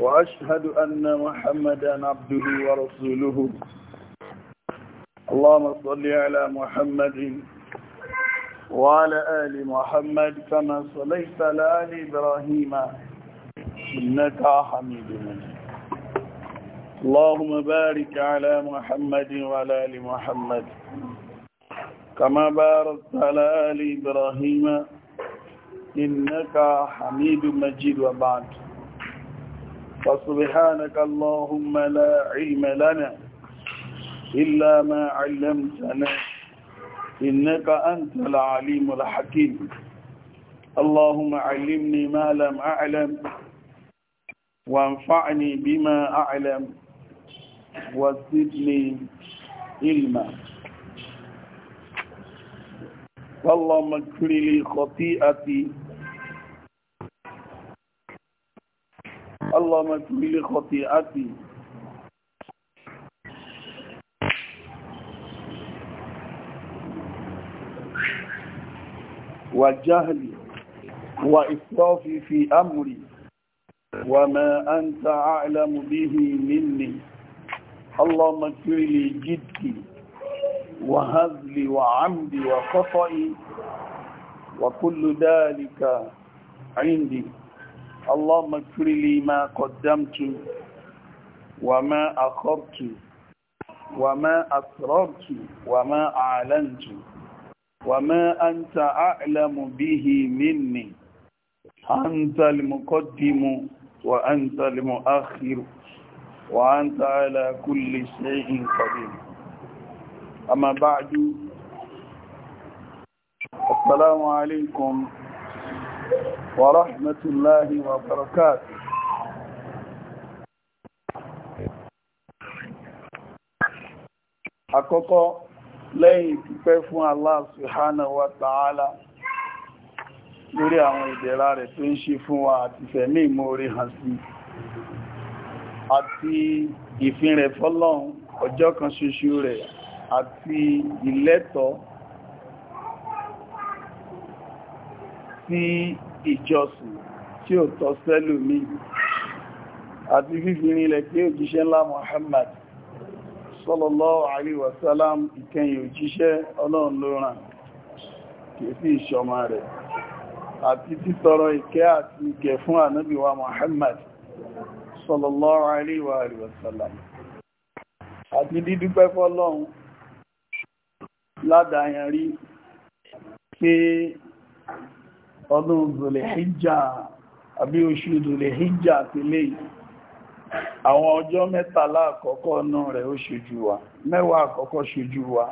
وأشهد أن محمدا عبده ورسوله اللهم صل على محمد وعلى آل محمد كما صليت على آل إبراهيم إنك حميد مجيد اللهم بارك على محمد وعلى آل محمد كما باركت على آل إبراهيم إنك حميد مجيد وبعد فسبحانك اللهم لا علم لنا إلا ما علمتنا إنك أنت العليم الحكيم اللهم علمني ما لم أعلم وانفعني بما أعلم وزدني علما اللهم اغفر لي خطيئتي اللهم اغفر لي خطيئتي وجهلي وإسرافي في أمري وما أنت أعلم به مني اللهم اغفر لي جدي وهزلي وعمدي وخطئي وكل ذلك عندي اللهم اغفر لي ما قدمت وما أخرت وما أسررت وما أعلنت وما أنت أعلم به مني أنت المقدم وأنت المؤخر وأنت على كل شيء قدير أما بعد السلام عليكم ورحمة الله وبركاته Àkọ́kọ́ lẹ́yìn ìdúpẹ́ fún Allah Subhanahu wa Ta'ala lórí àwọn ìdẹ̀ra rẹ̀ tó ń ṣe fún wa àti fẹ̀mí ìmóore hàn sí àti ìfin rẹ̀ fọ́lọ́run ọjọ́ kan ṣoṣo rẹ̀ àti ìlẹ́tọ̀ọ́ sí ìjọsìn tí ó tọ́ sẹ́lòmí àti fífìrin lẹ̀ pé òjíṣẹ́ ńlá Muhammad sallallahu alaihi wasallam ìkẹyìn òjíṣẹ́ ọlọ́run ló rán kìí sí ìṣọ́mà rẹ̀ àti títọrọ ìkẹ́ àti ìkẹ́ fún ànábì wa Muhammad sallallahu alaihi wasallam àti dídúpẹ́ fọ́lọ́run ládàáyàn ọdún zòlẹ̀híjà àbí oṣù zòlẹ̀híjà ti lè àwọn ọjọ́ mẹ́tàlá àkọ́kọ́ náà rẹ̀ ó ṣojú wa mẹ́wàá àkọ́kọ́ ṣojú wa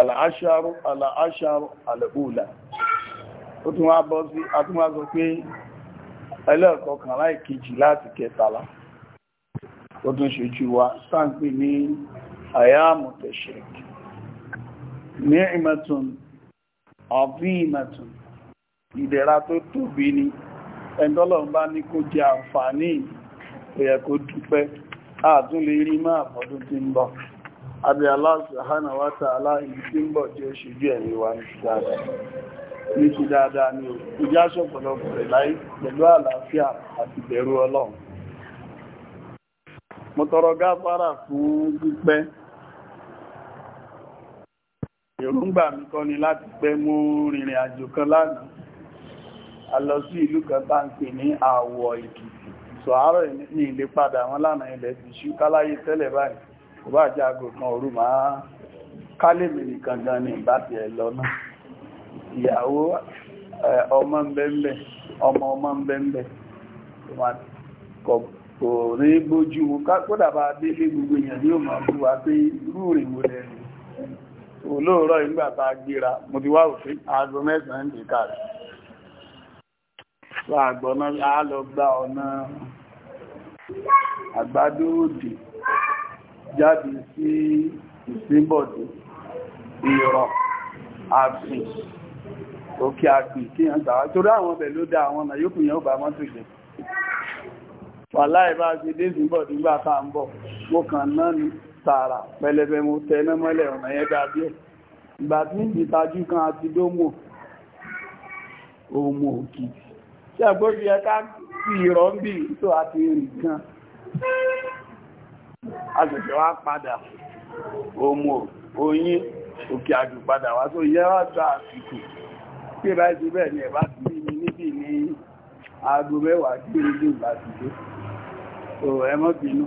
àlàáṣàrò àlàáṣàrò àlẹ́bùlà ó tún wá bọ́ sí pé láti kẹtàlá ó tún ṣojú wa sáǹpì ní àyàmù tẹ̀ṣẹ̀kì ni'matun azimatun ìdẹ̀ra tó ni ẹ̀ndọ́lọ́run bá ní kó jẹ àǹfààní ẹ̀yẹ kó dúpẹ́ ààtún lè rí máa àbọ̀dún tí ń bọ̀ abẹ́ Allah subhanahu wa ta'ala ìlú ni tọrọ gafara fún èròǹgbà mi kọ́ ni láti pẹ́ mú rìnrìn àjò kan lánàá a lọ sí ìlú kan tá ń pè ní àwọ̀ èkìtì sọ̀hárọ̀ ní ilé padà wọn lánàá ilẹ̀ ti ṣú káláyé tẹ́lẹ̀ báyìí kò bá jẹ́ aago kan òru máa kálèmì nìkan gan ni ìbáti ẹ̀ lọ náà ìyàwó ọmọ ń bẹ́ńbẹ́ ọmọ ọmọ rí bójú kódà délé gbogbo èèyàn ní òmà fún wa pé irú ìrìnwó lẹ́nu olóòrọ̀ ìgbàta gbéra mo ti wá òfin aago mẹ́sàn-án dé káàrí lọ àgbọ̀nà a lọ gba ọ̀nà àgbádó òdì jáde sí ìsínbọ̀dé ìrọ̀ àfin òkè àgbìn kí yàn gbà torí àwọn ọbẹ̀ ló dá àwọn ọ̀nà yókù yàn ó bá mọ́tò jẹ wà láì bá ti dé ìsínbọ̀dé gbà tá à ń bọ̀ mo kàn náà ni tààrà pẹlẹbẹ mo tẹná mọ́lẹ̀ ọ̀nà yẹn dàbí ẹ̀ ìgbà tí ní ìtajú kan àti dómò òmò òkìtì tí àgbóbi ẹ̀ká sí ìrọ̀ ń bì tó àti rìn kan agbẹ̀ṣẹ̀ wá padà òmò oyin òkè àgbẹ̀padà wá tó yẹ́ wá gba àsìkò tí ìbá ti bẹ́ẹ̀ ni ẹ̀bá ti bí mi níbì ní aago mẹ́wàá kí ní ìgbà ti dé ò bínú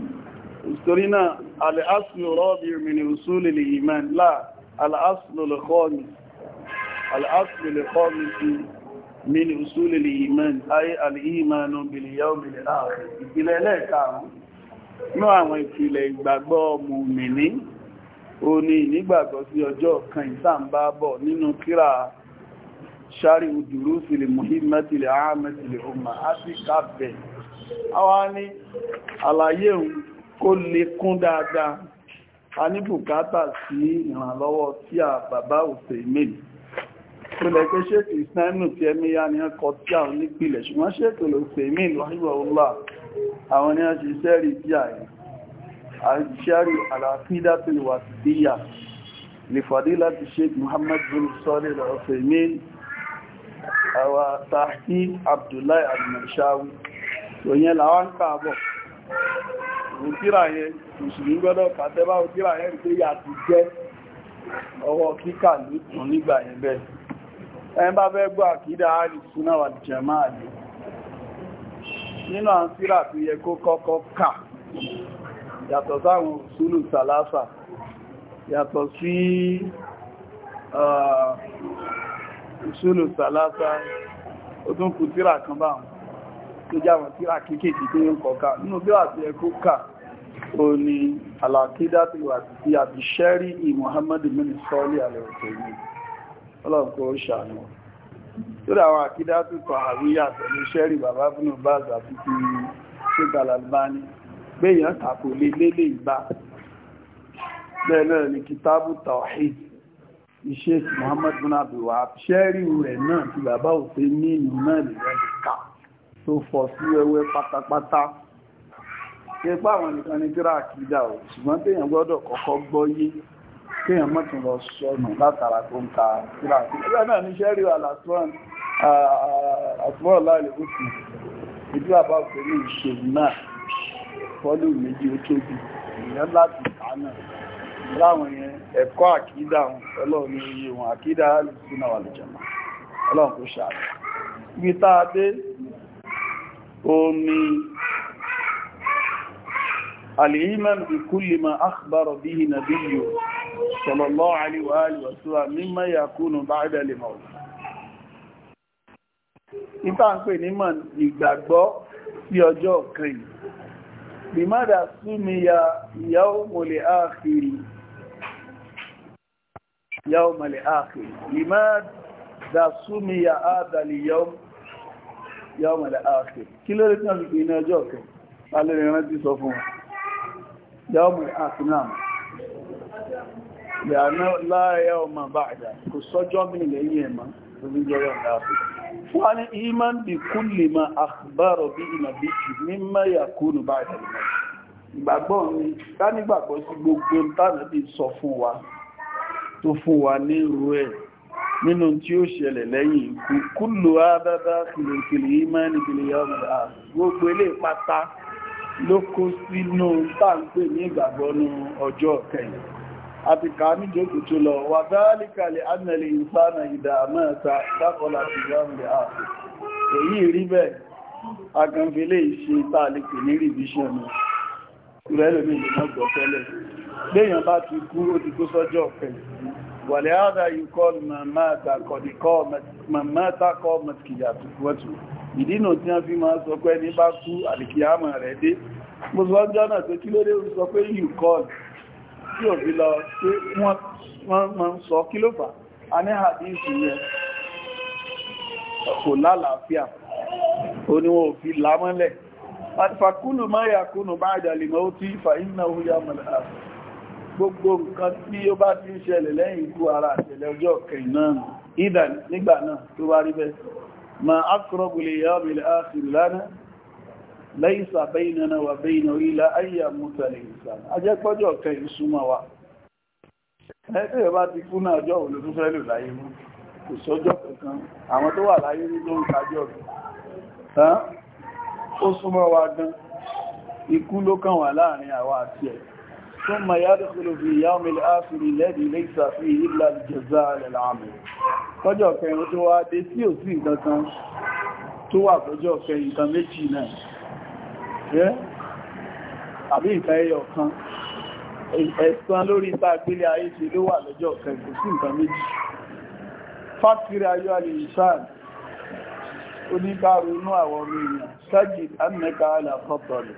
torí náà al'aslu rabi'u min usuli al-iman la al'aslu al-khamis al'aslu al-khamis min usuli al-iman ay al-imanu bil yawmil akhir ìpìlẹ̀ ẹlẹ́ẹ̀karùn-ún ní àwọn ìpìlẹ̀ ìgbàgbọ́ mùmìnì ó ní ìnígbàgbọ́ sí ọjọ́ kan ìsàmbábọ̀ nínú kíra ṣárí òdúrú sílẹ̀ mọ̀hímẹ́tìlẹ̀ ààmẹ́tìlẹ̀ ọmọ àti kàbẹ̀ ní àlàyé òun kó lè kún dáadáa a ní bùkátà sí ìrànlọ́wọ́ tí a bàbá òfè mìí pínlẹ̀ pé ṣètò ìsinmi tí ẹmí yá ni ọkọ̀ tí àwọn nípìnlẹ̀ ṣùgbọ́n ṣètò ló fè mí lọ́yìnbọ̀ ọlá àwọn ni a ṣe sẹ́rì bí àyè àṣíṣẹ́rì àlàáfídá tó lè wà sí bíyà lè fàdí láti Sheikh Muhammad bin Salih al-Uthaymeen àwà tàhí al-Marshawi tó yẹn làwọn òun tíra yẹn mùsùlùmí gbọ́dọ̀ pàtẹ́bá òun tíra yẹn pé yà ti jẹ́ ọwọ́ kíkà ló tún nígbà yẹn bẹ́ẹ̀ ẹn bá fẹ́ gbọ́ àkídà àrí súná wà jẹ̀má àjò nínú àwọn tíra tó yẹ kó kọ́kọ́ kà yàtọ̀ sáwọn òṣùlù sàlásà yàtọ̀ sí òṣùlù sàlásà ó tún kù tíra kan báwọn tó jáwọn tíra kéékèèké tó yẹ kọ́ kà nínú bí wà tó yẹ kó kà ó ní alákídá tí wà sí àti ṣẹ́rí ì Muhammad bin sọ́lé alẹ́ọ̀tẹ̀ ní ọlọ́pọ̀ ṣàánú tó dà àwọn àkídá tó kọ̀ àríyà pẹ̀lú ṣẹ́rí bàbá fúnnù bá àti ti ṣe galalbani gbéyàn tàkò lé lélé ìgbà bẹ́ẹ̀ náà ni kitabu tawhid iṣẹ́ Muhammad bin abduwa ṣẹ́rí rẹ̀ náà ti bàbá òfin nínú náà lè rẹ̀ ká tó fọ́ sí wẹ́wẹ́ pátápátá ṣe pá àwọn nìkan ní tíra àkídà ò ṣùgbọ́n téèyàn gbọ́dọ̀ kọ́kọ́ gbọ́yé téèyàn mọ́tún lọ sọnù látara tó ń ka tíra àkídà ẹgbẹ́ náà ní sẹ́rí àtúwọ̀ láàrin òkú ìdí àbá òkèrè ìṣòwò náà fọ́lù méjì ó tóbi ìyẹn láti kà náà láwọn yẹn ẹ̀kọ́ àkídà wọn ọlọ́run ní iye wọn àkídà alùsùnà wà lùjọmọ ọlọ́run kò ṣàlẹ̀ ibi tá الإيمان بكل ما أخبر به نبيه صلى الله عليه وآله وسلم مما يكون بعد الموت ìta ń pè ní mọ̀ ìgbàgbọ́ sí ọjọ́ kan bí má dà súnmíya yawmul akhir yawmul akhir bí má dà súnmíya àdàlì yawmul akhir kí lórí tí wọ́n fi pè ní ọjọ́ kan alẹ́rẹ̀ rántí sọ fún wọn yawmul afinam ìyàná láàáyá ọmọ kò sọ́jọ́ mi lẹ́yìn ẹ̀mà orílẹ̀-èdè láàáfí wà ní iman bí kulli ma akhbaro bí ìnàbí jù ní mẹ́yà kúrò báàdà ìgbàgbọ́ sí gbogbo tánàbí sọ fún wa tó fún wa ní ẹ̀ nínú tí ó ṣẹlẹ̀ lẹ́yìn ikú kìlìkìlì gbogbo ilé pátá ló kó sínú táǹpé ní ìgbàgbọ́ ní ọjọ́ kẹyìn àti ká níjókù tó lọ wà dáálìkàlẹ̀ annalẹ̀ ìsáànà ìdàmẹ́ta dákọlá ti ránlẹ̀ ààfẹ́ èyí rí bẹ́ẹ̀ agànfẹ́lẹ̀ ìṣe tààlìkì ní revision rẹ̀lẹ̀mí ìgbàgbọ́ tẹ́lẹ̀ gbéyàn bá ti kú ó ti kó sọ́jọ́ ìdínà tí wọ́n fi máa sọ pé ní bá kú àlìkìyàmà rẹ̀ dé mo sọ jọ́nà tó kí ló dé ó sọ pé you call tí ò fi lọ pé wọ́n máa ń sọ kí ló fà á ní àdíìsì yẹn kò lálàáfíà ó ní wọn ò fi lámọ́lẹ̀ fàkúnù máa yà kúnù bá àjàlìmọ́ ó tí fà iná ó yà mọ̀lá gbogbo nǹkan tí ó bá ti ń ṣẹlẹ̀ lẹ́yìn ikú ara àṣẹlẹ̀ ọjọ́ kẹ̀yìn náà ìdà nígbà náà tó bá rí bẹ́ẹ̀ ما أقرب ليوم الآخر لنا ليس بيننا وبينه إلا أن يموت الإنسان أجل قجو كي سموا ẹgbẹ́ ìbá ti kú náà ọjọ́ òun ló tún fẹ́ lò kankan àwọn tó wà láyé ní bụ wa awa ثم يدخل في يوم الآخر الذي ليس فيه إلا الجزاء للعمل kọjọ́ kẹrin tó wá dé tí ò sí ìkankan tó wà kọjọ́ kẹrin nǹkan méjì náà rẹ́ àbí nǹkan ẹyọ kan ẹ̀san lórí ipa ìpínlẹ̀ ayé ṣe ló wà lọ́jọ́ kẹrin kò sí nǹkan méjì fásitì ayọ́ alẹ́ ìṣáàdì oníkàrùn-ún àwọn ọmọ èèyàn sájì amẹ́ka alàkọ́tọ̀lẹ̀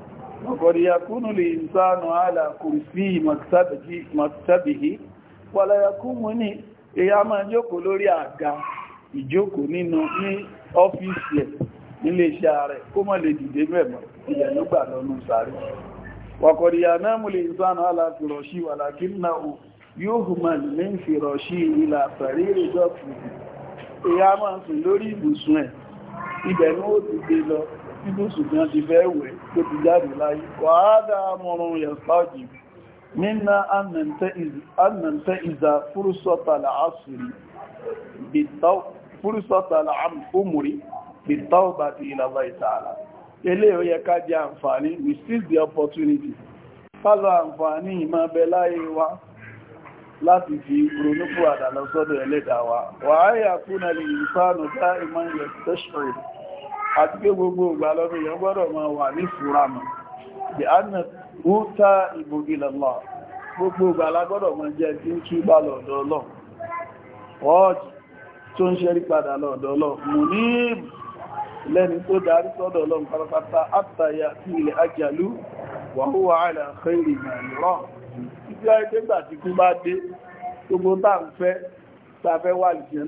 وقد يكون الإنسان على كرسي مكتبه, مكتبه ولا يكون èyà máa jókòó lórí àga ìjókòó nínú ní ọ́fíìsì ẹ̀ nílé iṣẹ́ rẹ̀ kó mọ́ lè dìde mẹ́mọ̀ ilẹ̀ ló gbà lọ́nà sáré wàkọ̀dìyà náà mú lè sánà aláfirọ̀ṣí wà lákínnáwó yóò hùmà ní ìfirọ̀ṣí ìlà àfẹ́rí ìrìnjọ́ fìdí èyà máa sùn lórí ibùsùn ẹ̀ ibẹ̀ nínú ṣùgbọ́n ti fẹ́ wẹ̀ tó ti jáde láyé wà á dáa mọ́rún yẹ̀fájì nínà annanta ìzà fúrúsọ́tàlà àmúrí bìtọ́ọ̀bà ti ìlàlá ìtààlà ilé ó ká jẹ àǹfààní we seize the opportunity kálọ àǹfààní ìmọ̀ bẹ láyé wa láti fi ronúkú àdàlọ́sọ́dọ̀ ẹlẹ́dàá wa wà á yà kú na lè ìfánù dá ìmọ̀ yẹ̀ tẹ́ṣọ̀rì àti pé gbogbo ìgbà lọ́nà èèyàn gbọ́dọ̀ máa wà ní ìfúramọ̀ bí a nà ó tá ìbò ìlànà gbogbo ìgbà lágbọ́dọ̀ máa jẹ́ tí ń kí bá lọ́dọ̀ Ọlọ́run ọ̀ọ́jì tó ń ṣẹ́rí padà lọ́dọ̀ Ọlọ́run mú ní lẹ́ni tó darí sọ́dọ̀ Ọlọ́run pátápátá àtàyà sí ilẹ̀ ajalu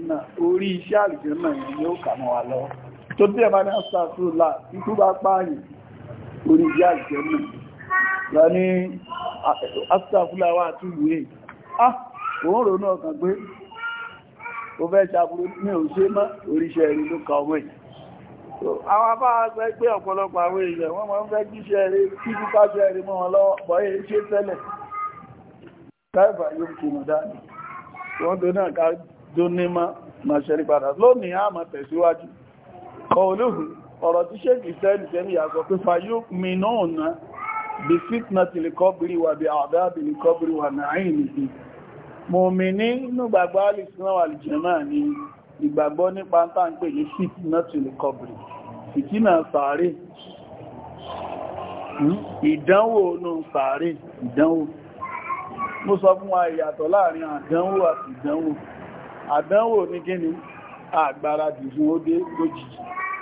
náà orí iṣẹ́ àlùjẹ́ náà yóò kà mọ́ wa lọ́wọ́ tó tí ẹ̀bá ní àṣàṣùlá ikú bá pààyàn orí ìyá ìjẹ́mù rẹ̀ ní àṣàṣùlá wà túbú rẹ̀ ah òun rò náà kàn pé o fẹ́ ṣàbúrú ní òṣè mọ́ oríṣẹ́ rí ló ka ọmọ yìí àwọn abá agbẹ́ pé ọ̀pọ̀lọpọ̀ àwọn èèyàn wọ́n máa ń fẹ́ kíṣẹ́ rí kí kíkà ṣẹ́ rí mọ́ wọn lọ́wọ́ kí kọ̀ọ̀lóhùn ọ̀rọ̀ tí ṣéèkì sẹ́ẹ̀lì sẹ́ẹ̀lì yà sọ pé fayó mìíràn bí fitnati lè kọ́bìrì wà bí àdábì lè kọ́bìrì wà náàrin nìdí mọ̀mí ní inú gbàgbọ́ alìsínáwà alìjẹ̀mà ní ìgbàgbọ́ nípa táǹpẹ̀ ní fitnati lè kọ́bìrì fìtínà sàárè hmm? ìdánwò nù sàárè ìdánwò mo sọ fún wa ìyàtọ̀ láàrin àdánwò àti ìdánwò àdánwò ní kíni àgbáradì fún ó dé lójijì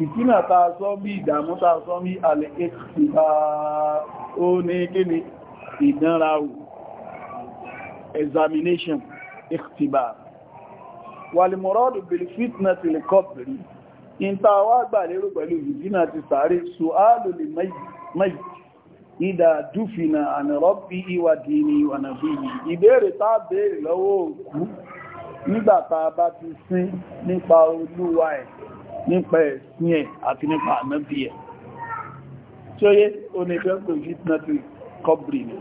ìtínà ta sọ bí ìdàmú ta sọ bí alẹ́kẹ́kì bá ó ní kíni ìdánrawò examination ikhtibar walimuradu bil fitnati lil qabri in ta wá gbà lérò pẹ̀lú fitna ti sáré su'alu lil mayyit ìdá dúfinà àni rọ́bí ìwà dìní ìwà nàbí yìí ìbéèrè tá béèrè lọ́wọ́ òkú nígbàtà bá ti sin nípa olúwa ẹ̀ nípa ẹ̀sìn ẹ̀ àti nípa ànábì ẹ̀ tí ó yé onífẹ́kùn fitnati kọbri ni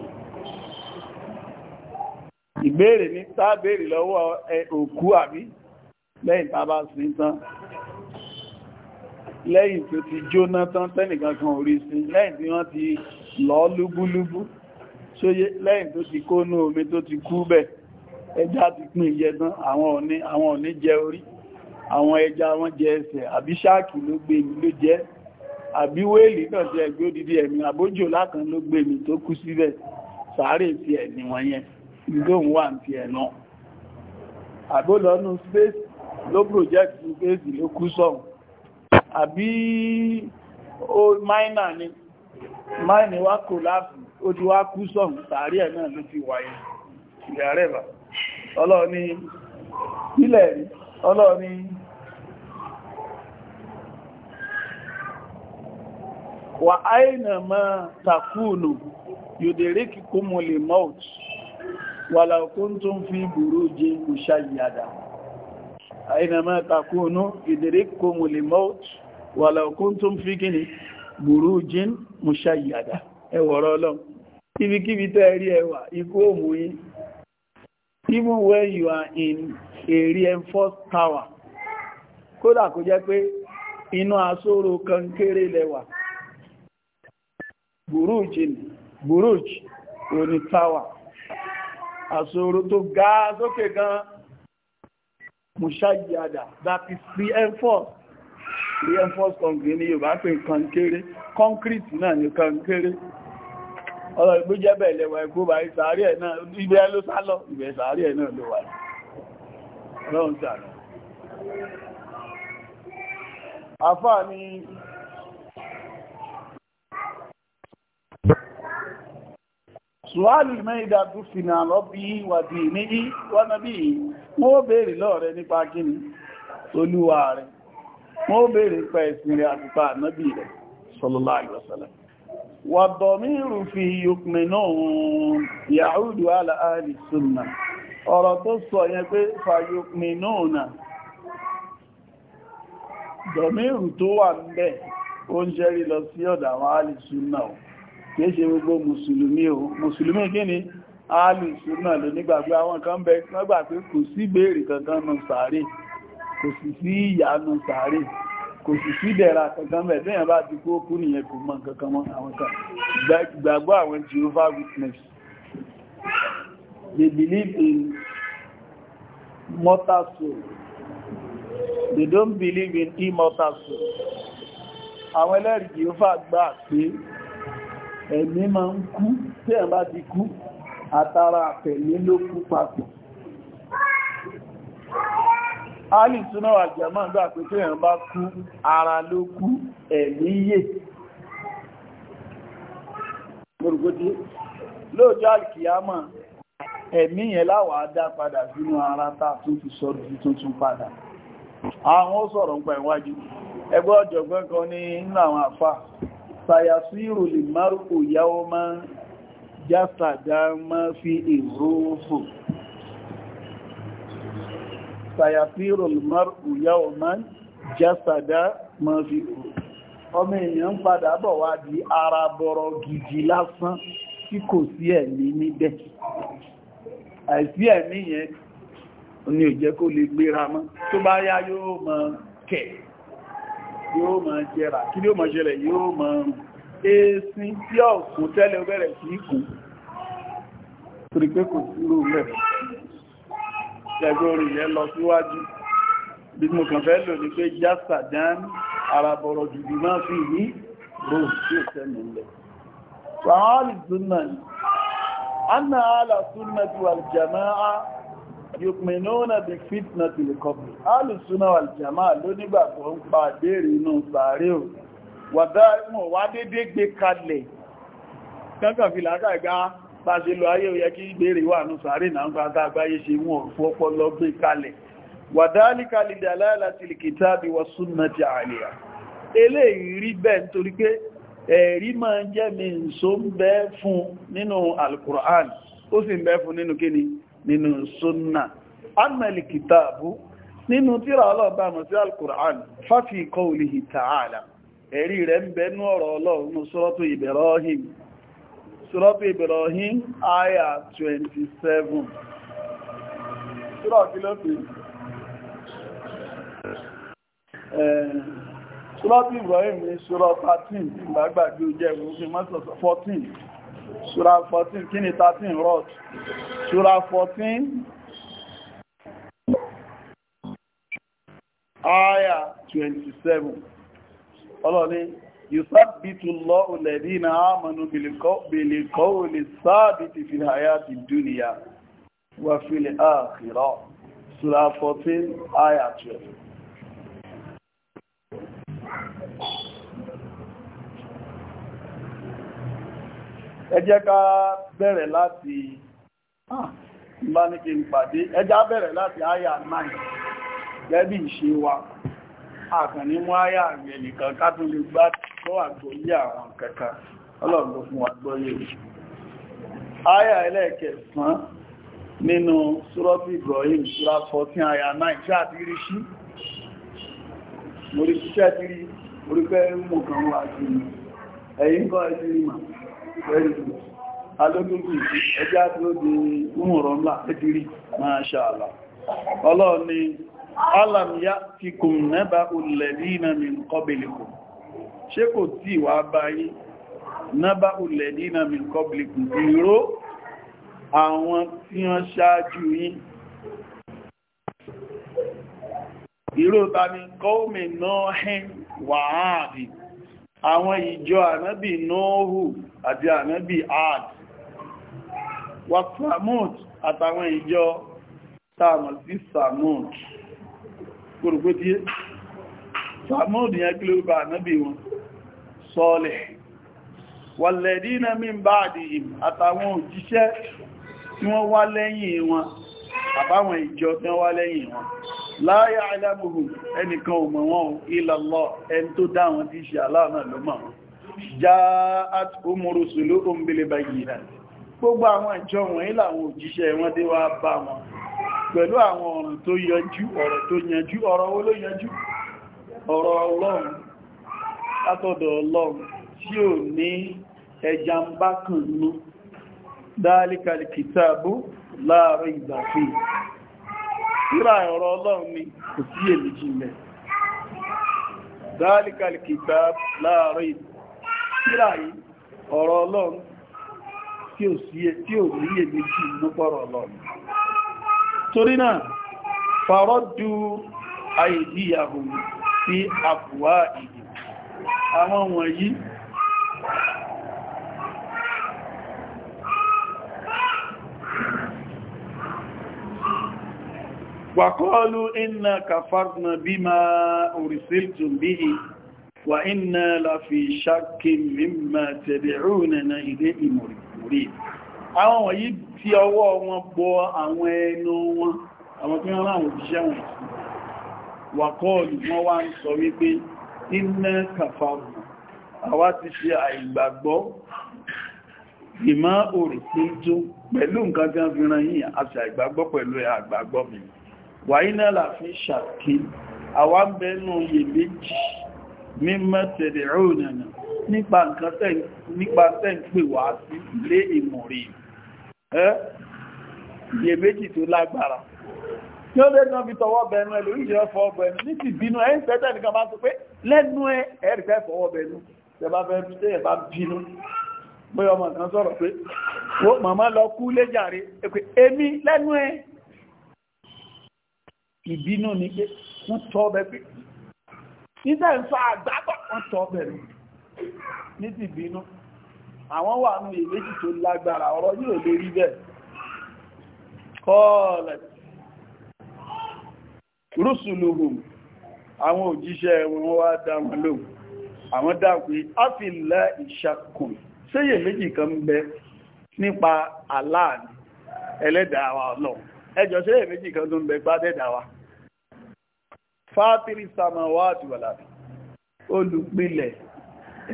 ìbéèrè ní tábèrè lọ́wọ́ òkú àbí lẹ́yìn tá a bá sin tán lẹ́yìn tó ti jóná tán tẹ́nìkan kan orí sí lẹ́yìn tí wọ́n ti lọ lúbúlúbú ṣóyé lẹ́yìn tó ti kó ní omi tó ti kú bẹ̀ ẹja ti pín ìyẹ́ tán àwọn òní jẹ orí àwọn ẹja wọ́n jẹ ẹsẹ̀ àbí ṣáàkì ló gbé mi ló jẹ́ àbí wéèlì náà ti ẹgbẹ́ òdìdí ẹ̀mí àbójò lákan ló gbé mi tó kú síbẹ̀ sàárè ti ẹ̀ ni wọ́n yẹn ìdóhùn wà ń ti ẹ̀ náà àbólọ́nù space ló project space ló kú sọ̀hún àbí ó máìnà ni máìnì wá kò láàfù ó ti wá kú sọ̀hún sàárè ẹ̀ náà ló ti wáyé ìrẹ̀rẹ̀ ọlọ́ọ̀ni ilẹ̀ ọlọ́ọ̀ni wà áìnà mọ́ takúlù yòdèrè kíkó mọ́ lè mọ́t wà lákún tó ń fi bùrú jẹ́ kò ṣáyíyàdá áìnà mọ́ takúlù yòdèrè kíkó mọ́ fi kíni bùrú jẹ́ kò ṣáyíyàdá ẹwọ̀rọ̀ ọlọ́m ibikíbi tẹ́ rí ẹwà ikú òmù yín even when you are in a reinforced tower kódà kó jẹ́ pé inú asóró kan kéré lẹ́wà burújì burújì òní táwà àṣòro tó ga sókè gan mùsáyíadà that is reinforced reinforced concrete ní Yorùbá pé nǹkan kéré concrete náà nìkan kéré ọ̀rọ̀ ìgbó jẹ́ bẹ̀lẹ̀ wà ìgbó bá ìsàárẹ̀ ẹ̀ náà ibẹ̀ ló sá lọ ibẹ̀ ìsàárẹ̀ ẹ̀ náà ló wà ọlọ́run sàárẹ̀ ni sùhálì mẹ́ìdá dúfinà lọ́bí wàdí ní wọ́nàbí wọ́n bèèrè lọ́rẹ̀ nípa kíni olúwa rẹ̀ wọ́n bèèrè nípa ẹ̀sìn rẹ̀ àti pa ànábì rẹ̀ sallallahu alaihi wasallam wàdọ̀míru fi yukminun ya'udu ala ahli sunnah ọ̀rọ̀ tó sọ yẹn pé fa kìí ṣe gbogbo mùsùlùmí o mùsùlùmí kí ni alùsùnà ló nígbàgbé àwọn kan bẹ nígbà pé kò sí béèrè kankan nù sàárè kò sì sí ìyanu sàárè kò sì sí dẹ̀ra kankan bẹ̀ tẹ́yàn bá ti kó kú nìyẹn kò mọ̀ kankan mọ́ àwọn kan ìgbàgbọ́ àwọn Jehovah Witness they believe in mortal soul they don't believe in immortal soul àwọn ẹlẹ́rìí Jehovah gbà pé ẹ̀mí ma ń kú tí ẹ̀ ti kú àtàrà pẹ̀lú ló kú papọ̀ gbà pé tí kú ara ló kú ẹ̀mí yè lórúkótí lóòjọ́ alìkìyàmọ̀ ẹ̀mí yẹn láwà dá padà sínú ara tá àwọn ó sọ̀rọ̀ ń pa ìwájú ẹgbẹ́ kan fàyàsírò lè márùkù yàwó má jásàdá má fi ìrófò fàyàsírò lè márùkù yàwó má jásàdá má fi ìrófò ọmọ èèyàn padà bọ̀ wá di ara bọ̀rọ̀ gidi lásán tí kò sí ẹ̀mí níbẹ̀ àìsí ẹ̀mí yẹn ni ò jẹ́ kó lè gbéra mọ́ tó bá yá yóò mọ̀ kẹ̀ẹ́ yóò máa jẹrà kí ni ó máa ṣẹlẹ̀ yóò máa rùn èsìn tí ọ̀kùn tẹ́lẹ̀ bẹ̀rẹ̀ sí ikú torí pé kò sílò mẹ́rẹ̀ ṣẹgbẹ́orí yẹn lọ síwájú bí mo kàn fẹ́ lò ní pé jásà dán ara bọ̀rọ̀ máa fi ní rome tí ó lẹ̀ wàhálì súnmọ̀ ni anna ala sunnati wal jama'a yùpínúnà bí fitna tìlìkọ̀bì alùsúnà aljama lónígbàgbọ́ ń pa àdéèrè inú sàárè ò wàdáìmọ̀ wá dédé gbé kalẹ̀ kankan fi làákà ìgbá bá ṣe lọ ayé òyẹ kí ìgbèrè wà ní sàárè náà ń gbáta àgbáyé ṣe wọ́n fọ́pọ́ lọ gbé kalẹ̀ wàdáìkà lìdí aláìlá tìlìkìtà bí wọ́n súnmọ́ ti àlìyà eléyìí rí bẹ́ẹ̀ nítorí pé ẹ̀rí máa ń jẹ́ mi ń so ń bẹ fún nínú alukur'an ó sì ń bẹ fún nínú nínú súnnà amẹ́lì kìtàbù nínú tíra ọlọ́ọ̀bá mọ̀ al-Qur'an fáfi qawlihi ta'ala ẹ̀rí rẹ̀ ń bẹ ní ọ̀rọ̀ ọlọ́run suratu Ibrahim 27 ní 13 mọ́sọ̀sọ̀ ṣúra 14 kí ni 13 rod ṣúra 14 aya 27 ọlọ́ni yùsábìtù lọ olẹ̀dí na ámànú bèlèkọ́ olè sáàbìtì fi àyà ti dúnìyà wà fílẹ̀ ààkìrọ̀ ṣúra 14 aya 12 ẹ jẹ́ ká bẹ̀rẹ̀ láti ah, bá pàdé bẹ̀rẹ̀ láti àyà 9 gẹ́bí ìṣe wa àkànní mú àyà rẹ̀ nìkan ká lè gbá tó àgbóyé àwọn kẹta ọlọ́gbọ́ fún àyà ẹlẹ́ẹ̀kẹsàn nínú Ibrahim súra 14 àyà 9 ṣáà ti rí mo rí ṣiṣẹ́ alógúnkù ẹjá tí ó di múrọ̀ ńlá ẹ̀dìrí máṣàlá ọlọ́run ni alàmìyá ti kùn nẹ́bà ulẹ̀dínà min kọbìlìkù ṣe kò tí wà báyí nẹ́bà ulẹ̀dínà min kọbìlìkù ìró àwọn tí wọ́n ṣáájú yín ìró ta ni àwọn ìjọ ànábì nóòhù àti ànábì Ad wà samud àtàwọn ìjọ tààmà sí samud kòrògbé tí samud yẹn kí lórúkọ ànábì wọn Sọ́ọ̀lẹ̀ wàlẹ̀dínà min ba'dihim àtàwọn òjíṣẹ́ tí wọ́n wá lẹ́yìn wọn àbáwọn ìjọ tí wọ́n wá lẹ́yìn wọn láyé àìlẹ́mùhù ẹnìkan ò mọ̀ wọn lọ ẹn tó dáwọn tí ṣe aláàmà ló mọ̀ wọn já àtúmùrù sùlú òmìnirẹ̀bà yìí rẹ̀ gbogbo àwọn ìjọ àwọn òjíṣẹ́ wọn dé wá bá wọn pẹ̀lú àwọn ọ̀rọ̀ tó yanjú ọ̀rọ̀ tó yanjú ọ̀rọ̀ ọ̀rọ̀ ọlọ́run síra ọ̀rọ̀ ọlọ́run ni kò sí èméjì mẹ́ dáálíkàlì kìgbà láàárọ̀ ìlú síra yìí ọ̀rọ̀ ọlọ́run tí ò sí tí ò ọlọ́run torí náà fàrọ́dù àìdíyàwó sí àbúwá ìdí àwọn wọ̀nyí وقالوا إنا كفرنا بما أرسلتم به وإنا لفي شك مما تدعوننا إليه مريد àwọn wọ̀nyí tí ọwọ́ wọn bọ àwọn ẹnu wọn àwọn tí wọ́n láwọn òjíṣẹ́ wọn wàkọ́ọ̀lù wọ́n wá ń sọ wípé iná kàfàrù àwa ti ṣe àìgbàgbọ́ wàyínà láfi ṣàkí àwọn bẹnu yè méjì mímọ́ tẹ̀lẹ̀ rúnànà nípa nǹkan tẹ́ nípa tẹ́ ń pè wá sí ilé ìmọ̀rí ẹ́ yè méjì tó lágbára tí ó lé náà fi tọwọ́ bẹnu ẹ lórí ìjọ fọwọ́ bẹnu ní ti bínú ẹ ń tẹ́tẹ́ nìkan bá tó pé lẹ́nu ẹ ẹ̀rì fẹ́ fọwọ́ bẹnu tẹ bá fẹ́ bí tẹ́yẹ̀ bá bínú pé ọmọ kan sọ̀rọ̀ pé ó màmá lọ kú léjàre èmi lẹ́nu ẹ ìbínú ni pé wọ́n tọ́ ọbẹ̀ pé nígbà ń fa àgbàgbà wọ́n tọ́ ọbẹ̀ rẹ̀ ní ti bínú àwọn wà ní ìléjì tó lágbára ọ̀rọ̀ yóò lè rí bẹ́ẹ̀ kọ́ọ̀lẹ̀ rúsùlùhùn àwọn òjíṣẹ́ wọn wá dá wọn lóhùn àwọn dákùn áfìlẹ̀ ìṣàkùn séyè méjì kan ń bẹ nípa aláàdì ẹlẹ́dàá wa ọlọ́run ẹjọ́ ṣe é méjì kan tó ń bẹ gbádẹ́dà wa fátírì sàmàwá àtìwàlàbí olùpilẹ̀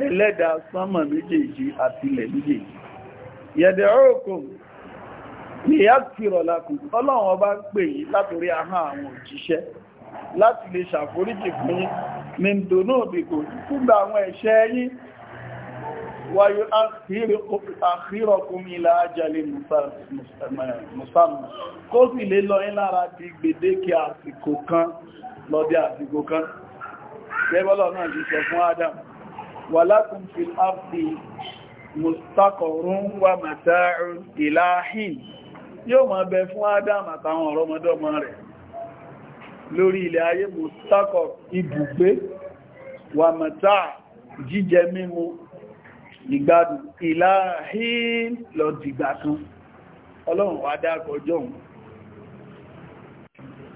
ẹlẹ́dàá sánmà méjèèjì àtìlẹ̀ méjèèjì yẹ̀dẹ̀ ọ́rọ̀kùn ní yàtìrọ̀ lákùn ọlọ́run ọba ń pè yí látorí ahán àwọn òjíṣẹ́ láti lè ṣàforíjì fún yín ní ìdònà òbìkò fúngbà àwọn ẹ̀ṣẹ̀ yín wáyé àkírọ̀kún ilá ajalè musamman kó sì lè lọ yín lára di gbèdéke àsìkò kan lọ́dí àsìkò kan gẹ́gbọ́lọ̀ náà ti sọ fún adam wà lákùn fi áfì mustaqarrun wà mata'un ìláhìn yóò máa bẹ fún adam àtàwọn ọ̀rọ̀mọdọ́mọ rẹ̀ lórí ilẹ̀ ayé mustaqarrun ibùgbé wà mata jíjẹ mímu ìgbádùn ìláhí lọ dìgbà kan ọlọ́run wá dákọ̀ ọjọ́ òun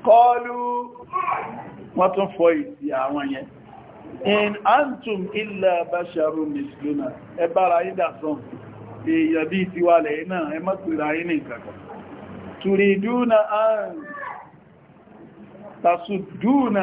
kọlu wọ́n tún fọ ìsì àwọn yẹn in antum illa basharu misluna ẹ bára ìdà sọ́n èèyàn bí ti wà lẹ́yìn náà ẹ mọ́ pèrà yìí ìkàkọ̀ tasuduna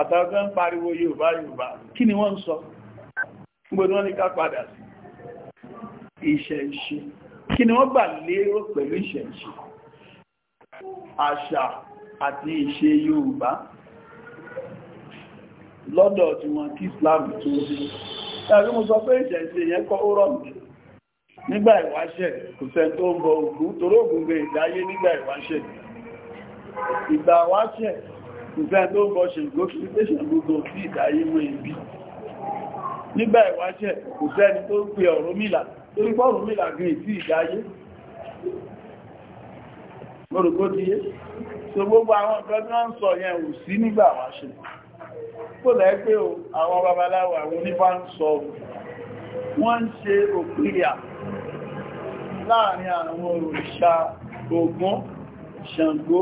àtàwọn ń pariwo Yorùbá Yorùbá kí ni wọ́n ń sọ gbogbo wọn ní ká padà sí ìṣẹ̀ṣe kí ni wọ́n gbà lérò pẹ̀lú ìṣẹ̀ṣe àṣà àti ìṣe Yorùbá lọ́dọ̀ tí wọ́n kí Islam tó rí tàbí mo sọ pé ìṣẹ̀ṣe yẹn kọ́ ó rọ̀ mí nígbà ìwáṣẹ̀ kò sẹ́ tó ń bọ Ògún torí Ògún gbé ìdáyé nígbà ìwáṣẹ̀ ìgbà ìwáṣẹ̀ ìfẹ́ tó ń bọ́ ṣègbó kí ní tẹ́ṣẹ̀ gbogbo sí ìdáyé mọ́ ibi nígbà ìwáṣẹ̀ kò sẹ́ni tó ń pè Ọ̀rúnmìlà tó ń pọ̀ Ọ̀rúnmìlà gan sí ìdáyé mọ́rùkódíyé so gbogbo àwọn nǹkan tí wọ́n ń sọ yẹn ò sí nígbà ìwáṣẹ̀ kò lẹ́ pé àwọn babaláwo àwọn onífá ń sọ wọ́n ń ṣe òpìyà láàrin àwọn òrìṣà Ògún Ṣàngó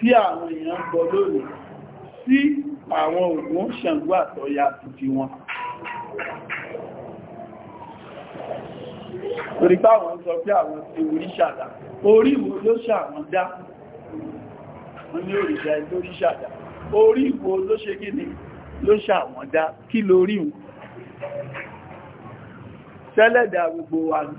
tí àwọn èèyàn gbọ́ lónìí sí àwọn Ògún Ṣàngó àtọya títí wọn torí táwọn sọ pé àwọn ti oríṣàdá orí wo ló ṣàwọn dá wọ́n ní òrìṣà ilé oríṣàdá orí wo ló ṣe kí ni ló ṣàwọn dá kí lórí wọn tẹ́lẹ̀dà gbogbo wa ni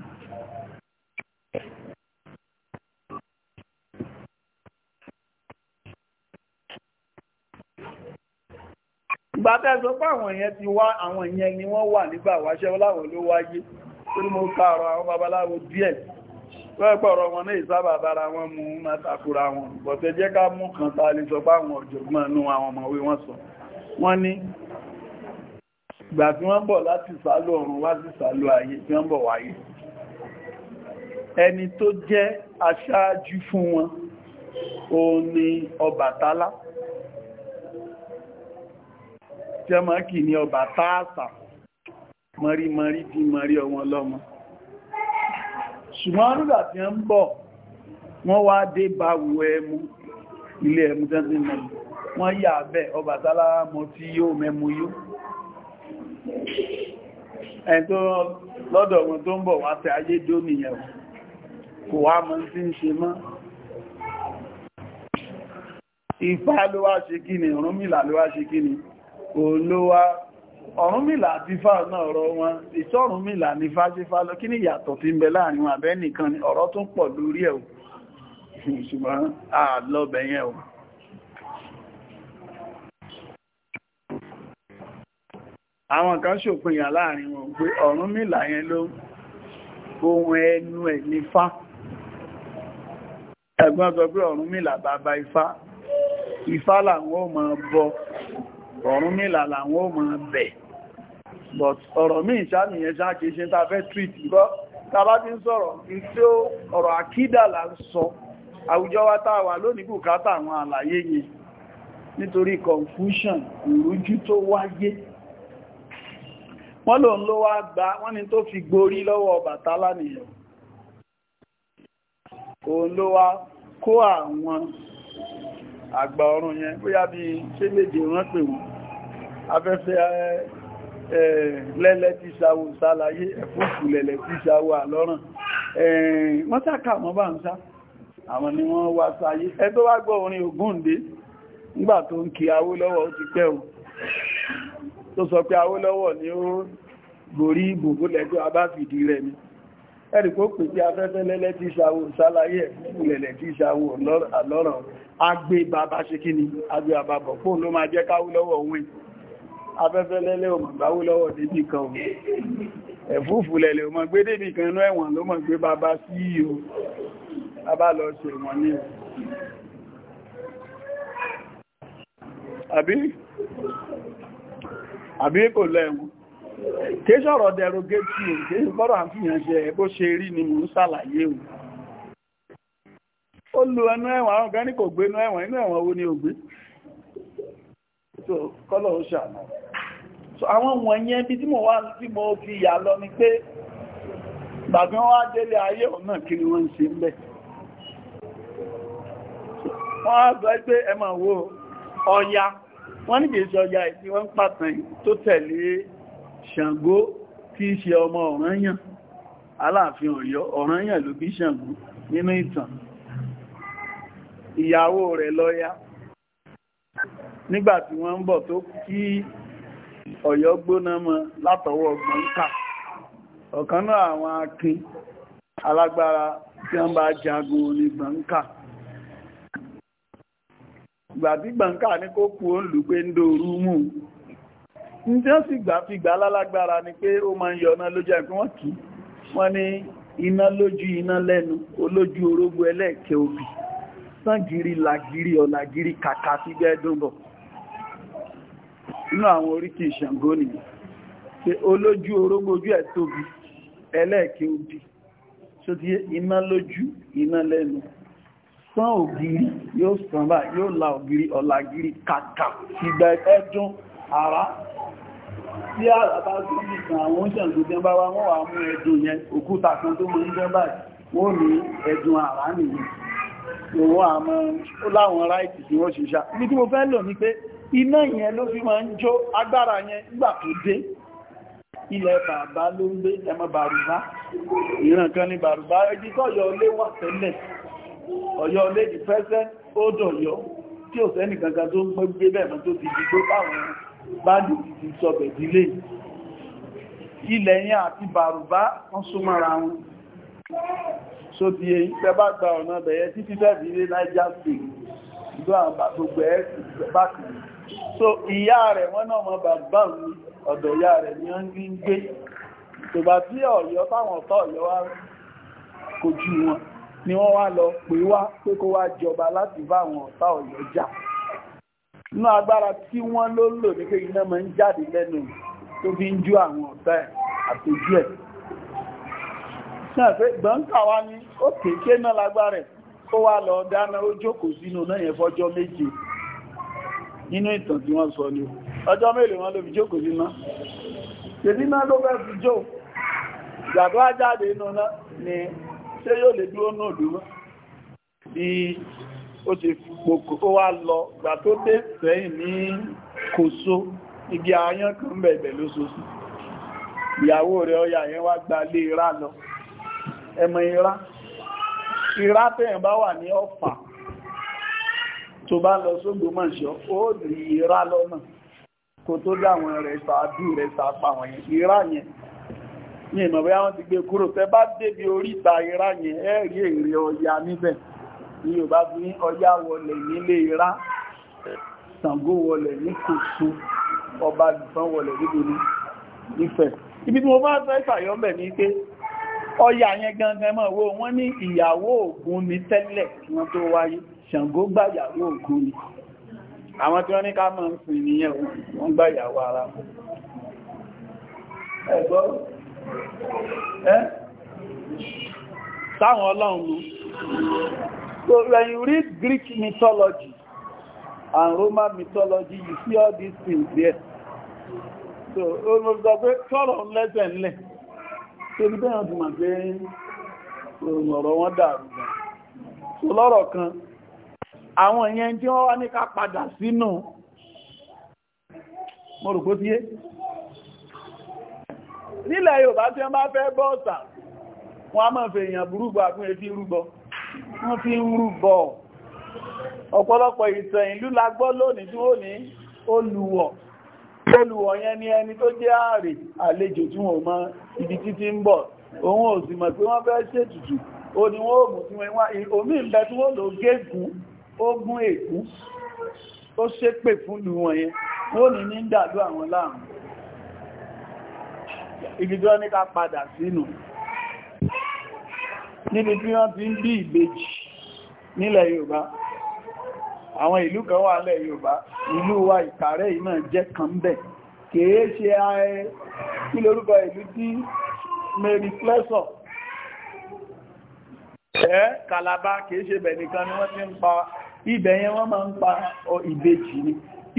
ìgbà tẹ́sọ pé àwọn èèyàn ti wá àwọn èèyàn ni wọ́n wà nígbà wáṣẹ́ láwọn ló wáyé torí mo kààrọ̀ àwọn babaláwo díẹ̀ pẹ́pọ̀rọ̀ wọn ní ìsábà bára wọn mú ma takura wọn bọ̀tẹ́ jẹ́ ká mú kan ta lè sọ pé àwọn ọ̀jọ̀gbọ́n inú àwọn ọmọwé jẹ́mọ́kì ní ọba táàsà mọ́rímọ́rí bí mọ́rí ọmọ ọlọ́mọ ṣùgbọ́n nígbà tí ó ń bọ̀ wọ́n wá dé bá wo ẹmu ilé ẹmu tẹ́ntí mẹ́lú wọ́n yà bẹ́ Ọbàtálá mọ́ tí yóò mẹ́mu yó ẹni lọ́dọ̀ wọn tó ń bọ̀ wá tẹ ayé dó nìyẹn kò wá mọ́ tí ń ṣe mọ́ Ifá ló wá ṣe kí ni Ọ̀rúnmìlà ló wá ṣe kí ni olówá ọ̀rúnmìlà àti fà náà ọ̀rọ̀ wọn ìṣọ́rúnmìlà ní fáṣífà lọ kí ni ìyàtọ̀ tí ń bẹ láàrin wọn àbẹ́ nìkan ni ọ̀rọ̀ tún pọ̀ lórí ẹ̀ ṣùgbọ́n àlọ́bẹ̀ yẹn o àwọn kan ṣòpinyà láàrin wọn pé ọ̀rúnmìlà yẹn ló ohun ẹnu ẹ̀ ní fá ẹ̀gbọ́n sọ pé ọ̀rúnmìlà bàbá ifá ifá làwọn ò máa Ọ̀rúnmìlà làwọn ó mọ̀ bẹ̀ but ọ̀rọ̀ míì sáàmìyàn sáà kìí ṣe tàbẹ́ treat bọ́ tàbá ti ń sọ̀rọ̀ tí ó ọ̀rọ̀ àkídà là ń sọ àwùjọ wa tá a wà lónìí bùkátà àwọn àlàyé yẹn nítorí confusion ìrújú tó wáyé wọ́n lòun ló wá gba wọ́n ní tó fi gborí lọ́wọ́ Ọbàtálá nìyẹn òun ló wá kó àwọn àgbà ọ̀run yẹn bóyá bí ṣé méje wọ́n pè wọ́n afẹ́fẹ́ lẹ́lẹ́ tí sáwò sálàyé ẹ̀fúnkù lẹ́lẹ́ tí sáwò àlọ́ràn wọ́n sáka wọ́n bá ń sá àwọn ni wọ́n wá sáyé ẹ tó wá gbọ́ orin Ògúndé nígbà tó ń kí Awólọ́wọ̀ ti pẹ́ o tó sọ pé Awólọ́wọ̀ ni ó borí ìbòbó lẹ́jọ́ abáfìdí rẹ̀ ni ẹ̀rì kó pè tí afẹ́fẹ́ lẹ́lẹ́ tí sáwò sálàyé ẹ̀fúnkù lẹ́lẹ́ tí sáwò àlọ́ràn agbé bàbá afẹ́fẹ́ lẹ́lẹ́ ọmọ gbáwó lọ́wọ́ débì kan ẹ̀fúfù lẹ́lẹ́ ọmọ gbé débì kan inú ẹ̀wọ̀n ló mọ̀ gbé bàbá sí ìhò bàbá lọ ṣe wọ́n ní àbí kò lẹ́wọ̀n kí sọ̀rọ̀ dẹrogétì ò kí sọ̀rọ̀ àfihàn ṣe bó ṣe rí ni mò ń ṣàlàyé ò ó lu ẹnu ẹ̀wọ̀n àwọn kan ní kò gbé inú ẹ̀wọ̀n inú ẹ̀wọ̀n wo ni ò gbé so kọ́lọ̀ ó ṣàmà so àwọn wọ̀nyẹn bí tí mo wá tí mo fi yà lọ ni pé bàbí wọ́n wá délé ayé ọ̀nà kí ni wọ́n ń ṣe ńbẹ̀ wọ́n á sọ pé ẹ máa wo ọya wọ́n ní kìí ṣọya ìdí wọ́n ń pàtàn tó tẹ̀lé ṣàngó tí í ṣe ọmọ ọ̀ranyàn aláàfin ọ̀yọ́ ọ̀ranyàn ló bí ṣàngó nínú ìtàn ìyàwó rẹ̀ lọ́ya nígbàtí wọ́n ń bọ̀ tó kí ọ̀yọ́ gbóná mọ́ látọwọ́ gbọ́nkà ọ̀kan náà àwọn akin alágbára tí wọ́n bá jagun ní gbọ́nkà gbàtí gbọ́nkà ní kó kú ó ń lù pé ń dòrú ní wọ́n sì gbà fi gbà lálágbára ni pé ó máa ń yọ ọ̀nà lójú àìkú wọ́n kì í wọ́n ní iná lójú iná lẹ́nu olójú orógbó ẹlẹ́ẹ̀kẹ́ obì ọ̀làgiri inú àwọn oríkì Ṣàngó nìyẹn pé olójú orógbójú ẹ̀ tóbi ẹlẹ́ẹ̀kẹ́ òbí tó ti iná lójú iná lẹ́nu sán ògiri yóò sàn bá yóò la ògiri ọ̀làgiri kàkà ìgbà ẹ̀dùn ara tí àrà bá tó bí kan àwọn Ṣàngó tí wọ́n bá wá wọ́n wà mú ẹ̀dùn yẹn ara nìyẹn òun àmọ́ ó láwọn ráìtì tí wọ́n ṣe ṣá ibi tí mo fẹ́ lò ní pé iná yẹn ló fi máa ń jó agbára yẹn nígbà tó dé ilẹ̀ bàbá ló ń gbé ẹmọ bàrùbá ìran kan ní bàrùbá ẹjí tó ọ̀yọ́ ilé wà tẹ́lẹ̀ ọ̀yọ́ ilé di pẹ́sẹ́ ó dọ̀yọ́ tí ò sẹ́nì kankan tó ń gbé bẹ̀mọ́ tó ti di gbé báwọn báàdì ti sọbẹ̀ dílé ilẹ̀ yẹn àti bàrùbá wọ́n súnmọ́ra wọn so di èyí pẹ́bá gba ọ̀nà bẹ̀yẹ títí bẹ́ẹ̀ bí ilé Niger State gbọ́ àwọn gbogbo ẹ̀ bákìlì so ìyá rẹ̀ wọ́n náà mọ bàbá mi ọ̀dọ̀ ìyá rẹ̀ ni wọ́n ń gbé tòbá tí ọ̀yọ́ táwọn ọ̀tọ́ ọ̀yọ́ wá kojú wọn ni wọ́n wá lọ pè wá pé kó wá jọba láti bá àwọn ọ̀tá ọ̀yọ́ jà inú agbára tí wọ́n ló lò ní pé iná máa ń jáde lẹ́nu tó fi ń jú àwọn ọ̀tá ẹ̀ àtòjú ẹ̀ náà pé gbọ́ǹkà wá ní ó kéèké náà nínú ìtàn tí wọ́n sọ ní ọjọ́ mélòó wọn ló fi jókòó sí náà ló fi ajáde inú ni ṣé yóò lè dúró náà dúró bí ó ti pòkó ó wá lọ gbà tó dé sẹ́yìn ní igi kan bẹ̀bẹ̀ lóṣooṣù ìyàwó rẹ̀ yẹn wá gba lé lọ ẹmọ bá wà ní ọ̀fà tó bá lọ sógbómọ̀ṣọ́ ó rí ìrá lọ́nà kò tó dáwọn rẹ̀ sàádù rẹ̀ sàpà wọ̀nyẹn ìrá yẹn ní ìmọ̀ bí wọ́n ti gbé e kúrò tẹ́ bá débi oríta ìrá yẹn ẹ rí èrè ọya níbẹ̀ ní Yorùbá fi ní ọya wọlẹ̀ nílé ìrá Ṣàngó wọlẹ̀ ní Kòso ọba nìkan wọlẹ̀ níbi ní Ifẹ̀ ibi tí mo bá fẹ́ ṣàyọ́mẹ̀ ní pé ọya yẹn gangan mọ̀ wo wọ́n ní ìyàwó Ògún ní tẹ́lẹ̀ wọ́n tó wáyé Ṣàngó gbàyàwó Ògún ni àwọn tí wọ́n ní ká mọ̀ ń sìn nìyẹn wọ́n gbàyàwó ara ẹ̀gbọ́ ẹ́ sáwọn ọlọ́run ló so when you read Greek mythology and Roman mythology you see all these things there so olùsọ pé tọ́rọ lẹ́sẹ̀ ńlẹ̀ tó ní bẹ́ẹ̀ ọdún màgbé ọ̀rọ̀ wọn dàrú lọ́rọ̀ kan àwọn ìyẹn tí wọ́n wá ní ká padà sínú mọ̀rùkú tí é nílẹ̀ Yorùbá tí wọ́n bá fẹ́ bọ́ọ̀sà wọ́n a máa fẹ́ èèyàn burúgbọ àkún èfí rúgbọ wọ́n fi ń rúgbọ ọ̀pọ̀lọpọ̀ ìtàn ìlú la gbọ́ lónìí tí ó ní olùwọ̀ olùwọ̀ yẹn ni ẹni tó jẹ́ ààrẹ àlejò tí wọ́n mọ ibi títí ń bọ̀ òun ò sì mọ̀ pé wọ́n fẹ́ ṣètùtù ó ní wọ́n ò mú tí wọ́n wá omi ìbẹ̀ ó gún ègún ó ṣépè fún lù wọn yẹn wọ́n ní ní ń dàlú àwọn láàmú ìgbìjọ́ ní ká padà sínú níbi tí wọ́n ti ń bí ìbejì nílẹ̀ Yorùbá àwọn ìlú kan wà nílẹ̀ Yorùbá ìlú wa Ìkàrẹ́ ìmọ̀ jẹ́ kan bẹ̀ kìí ṣe ààrẹ kí lórúkọ ìlú tí Mary Flesor ẹ́ Calabar kìí ṣe bẹ̀ nìkan ni wọ́n ti ń pa ibẹ̀ yẹn wọ́n máa ń pa ìbejì ni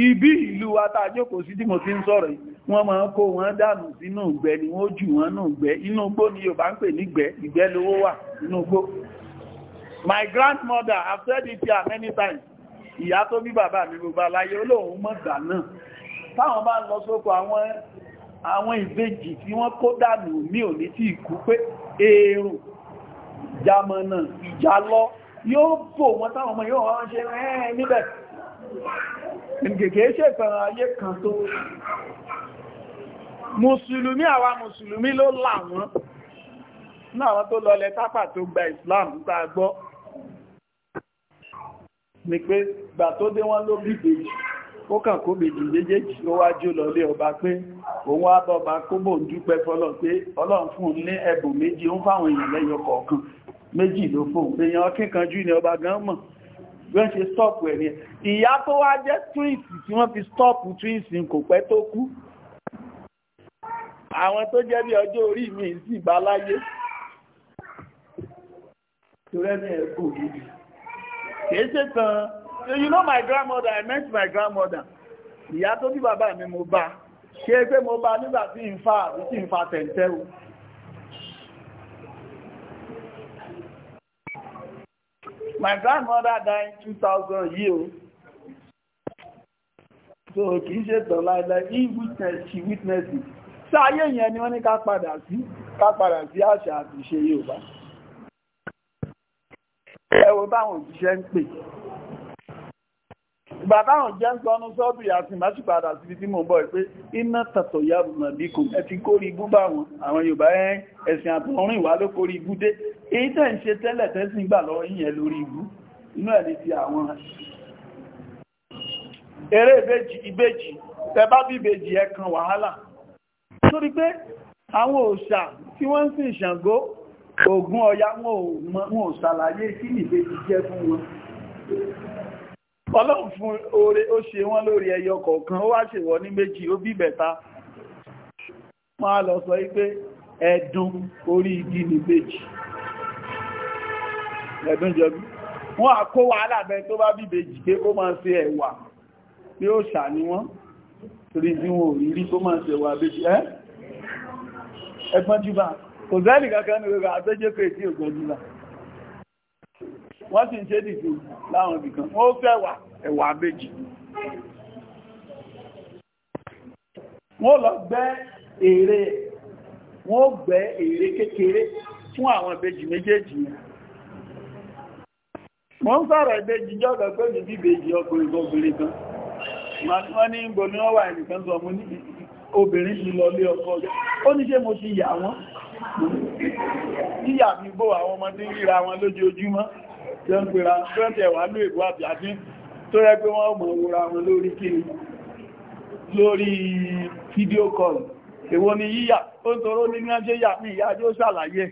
ibi ìlú atájókò sí tí mo ti ń sọ̀rọ̀ wọ́n máa kó wọn dànù sínú ìgbẹ́ ni wọ́n jù wọ́n nù ìgbẹ́ inú igbó ni Yorùbá ń pè ní ìgbẹ́ ìgbẹ́ lówó wà inú igbó my grandmother I've said it here many times ìyá tó bí bàbá mi gbogbo aláyé olóhùn mọ̀gbà náà táwọn bá lọ sóko àwọn àwọn ìbejì tí wọ́n kó dànù mí ò ní tí ìkú pé èrò jamọ̀nà ìjálọ́ yóò bò wọn táwọn ọmọ yóò wọ́n ṣe rẹ̀ níbẹ̀ gẹ̀gẹ̀ ṣe ìfẹ̀rẹ̀ ayé kan tó mùsùlùmí àwa mùsùlùmí ló làwọn náà tó lọlẹ̀ tápà tó gba Islam gbà gbọ́ ni pé gbà tó dé wọ́n ló bí bèjì ó kàn kó bèjì méjèèjì ó wá jó lọlé ọba pé òun á bọ́ ọba kó bò ń dúpẹ́ fọ́lọ́ pé Ọlọ́run fún un ní ẹ̀bùn méjì ó ń fáwọn èèyàn lẹ́yọ kọ̀ọ̀kan méjì ló fóun èèyàn kíkanjú ni ọba gan mọ̀ wọ́n ṣe stọ́ọ̀pù ẹ̀ ní ìyá tó wá jẹ́ twins tí wọ́n fi stọ́ọ̀pù twins kò pẹ́ tó kú àwọn tó jẹ́ bí ọjọ́ orí mi sì bá láyé kìí ṣe tán you know my grandmother I met my grandmother ìyá tó bí bàbá mi mo bá ṣe pé mo bá nígbà tí n fa àbí tí n fa tẹ̀ntẹ́ o my grandmother died in 2000 years so kìí ṣe tàn láìláì he witness, she witnessed it sí ayé yẹn ni wọ́n ní ká padà sí ká padà sí àṣà àti ìṣe Yorùbá ẹ wo báwọn òjíṣẹ́ ń pè ìgbà táwọn jẹ́ ń sọ́nú sọ́bì àti ìmáṣùpadà síbi tí mo bọ̀ pé iná tàtọ̀ ya rùnà bí kò ẹ ti kórí igú bá wọn àwọn Yorùbá ẹ̀sìn àtọ̀rìn ìwà ló kórí igú dé èyí tẹ́ ń ṣe tẹ́lẹ̀ tẹ́sìn gbà lọ yìnyẹn lórí igú inú ẹ̀ ní ti àwọn eré ìbejì tẹ bá bí ìbejì ẹ kan wàhálà torí pé àwọn òòṣà tí wọ́n ń sìn Ṣàngó Ògún Ọya wọn ò ọlọ́run fún oore ó ṣe wọ́n lórí ẹyọ kọ̀ọ̀kan ó wá ṣèwọ́ ní méjì ó bí bẹ̀ta wọ́n á lọ sọ wípé ẹ̀dùn orí igi ní méjì ẹ̀dùn jọbí wọ́n á kó wàhálà bẹ tó bá bí bèjì pé kó máa ṣe ẹ̀wà pé ó ṣà ní wọ́n torí tí wọ́n ò rí rí kó máa ṣe ẹ̀wà bèjì ẹ́ ẹgbọ́n jùbà kò sẹ́nì kankan ní gbogbo àgbẹ́jẹ́ kò èsì ògbọ́n jùbà wọ́n sì ń ṣe dìbò láwọn ibìkan ó fẹ́ ẹ̀wà méjì wọ́n lọ gbẹ́ èrè wọ́n gbẹ́ èrè kékeré fún àwọn ìbejì méjèèjì wọ́n ń sọ̀rọ̀ ìbejì ní bíbejì ọkùnrin kan obìnrin kan wọ́n ní ní sọ mú ní obìnrin ti lọ lé ó ní ṣe mo ti yà wọ́n yíyà mi tí ó ń pèrà ṣẹ́ntẹ̀ wà ní ègbò àti àti tó rẹ́ pé wọ́n mọ̀ wòrà wọn lórí kiri lórí fídíò kọlù èwo ni yíyà ó ń tọrọ ní ránṣẹ́ yà ní ìyá yóò ṣàlàyé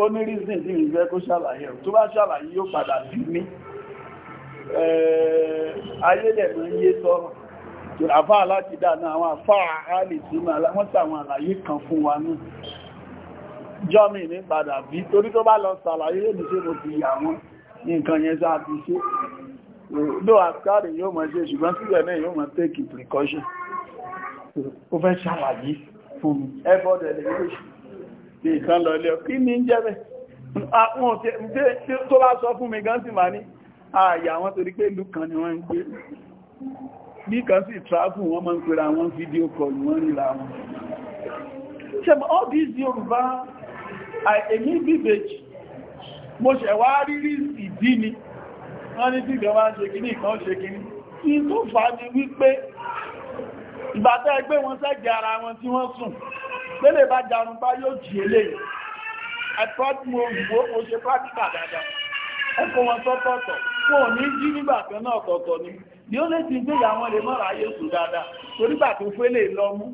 ó ní rísìn sí ìfẹ́ kó ṣàlàyé tó bá ṣàlàyé yóò padà sí ní ayédẹ̀mọ̀ yé sọ́rọ̀ àfáà láti dáadáa àwọn àfáà alìsínà wọ́n tàwọn àlàyé kan fún wa jọ́mì ní padà bí torí tó bá lọ sàlàyé lè ṣe mo ti yà wọ́n nǹkan yẹn sáà ti ṣe ló àkárí yóò mọ̀ ṣe ṣùgbọ́n sílẹ̀ náà yóò mọ̀ take precaution ó fẹ́ ṣàlàyé fún mi effort elevation ní ìkan lọ ilẹ̀ kí ní jẹ́bẹ̀ tó bá sọ fún mi gan sì máa ní ààyà wọn torí pé ìlú kan ni wọ́n ń gbé bí kan sì travel wọ́n máa ń pera wọn fídíò kọlù wọ́n ríra wọn all these Yorùbá èmi bíbejì mo ṣẹ̀wá rírí ìdí ni wọ́n ní bíbẹ̀ wá ń ṣe kìíní kan ṣe kìíní tí tó fà ní wípé ìbátẹ́ ẹgbẹ́ wọn sẹ́gbẹ̀ ara wọn tí wọ́n sùn lélè bá jarun bá yóò jì elé ẹ̀pọ́tùmọ̀ mo ṣe pàtíkà dáadáa ẹkùn wọn sọ́tọ̀ọ̀tọ̀ wọn ò ní jí nígbà kan náà ọ̀tọ̀ọ̀tọ̀ ni yóò lè ti gbé ìyàwọn lè mọ́ra ayé sùn dáadáa torígbà tó fẹ́lẹ̀ lọ́mú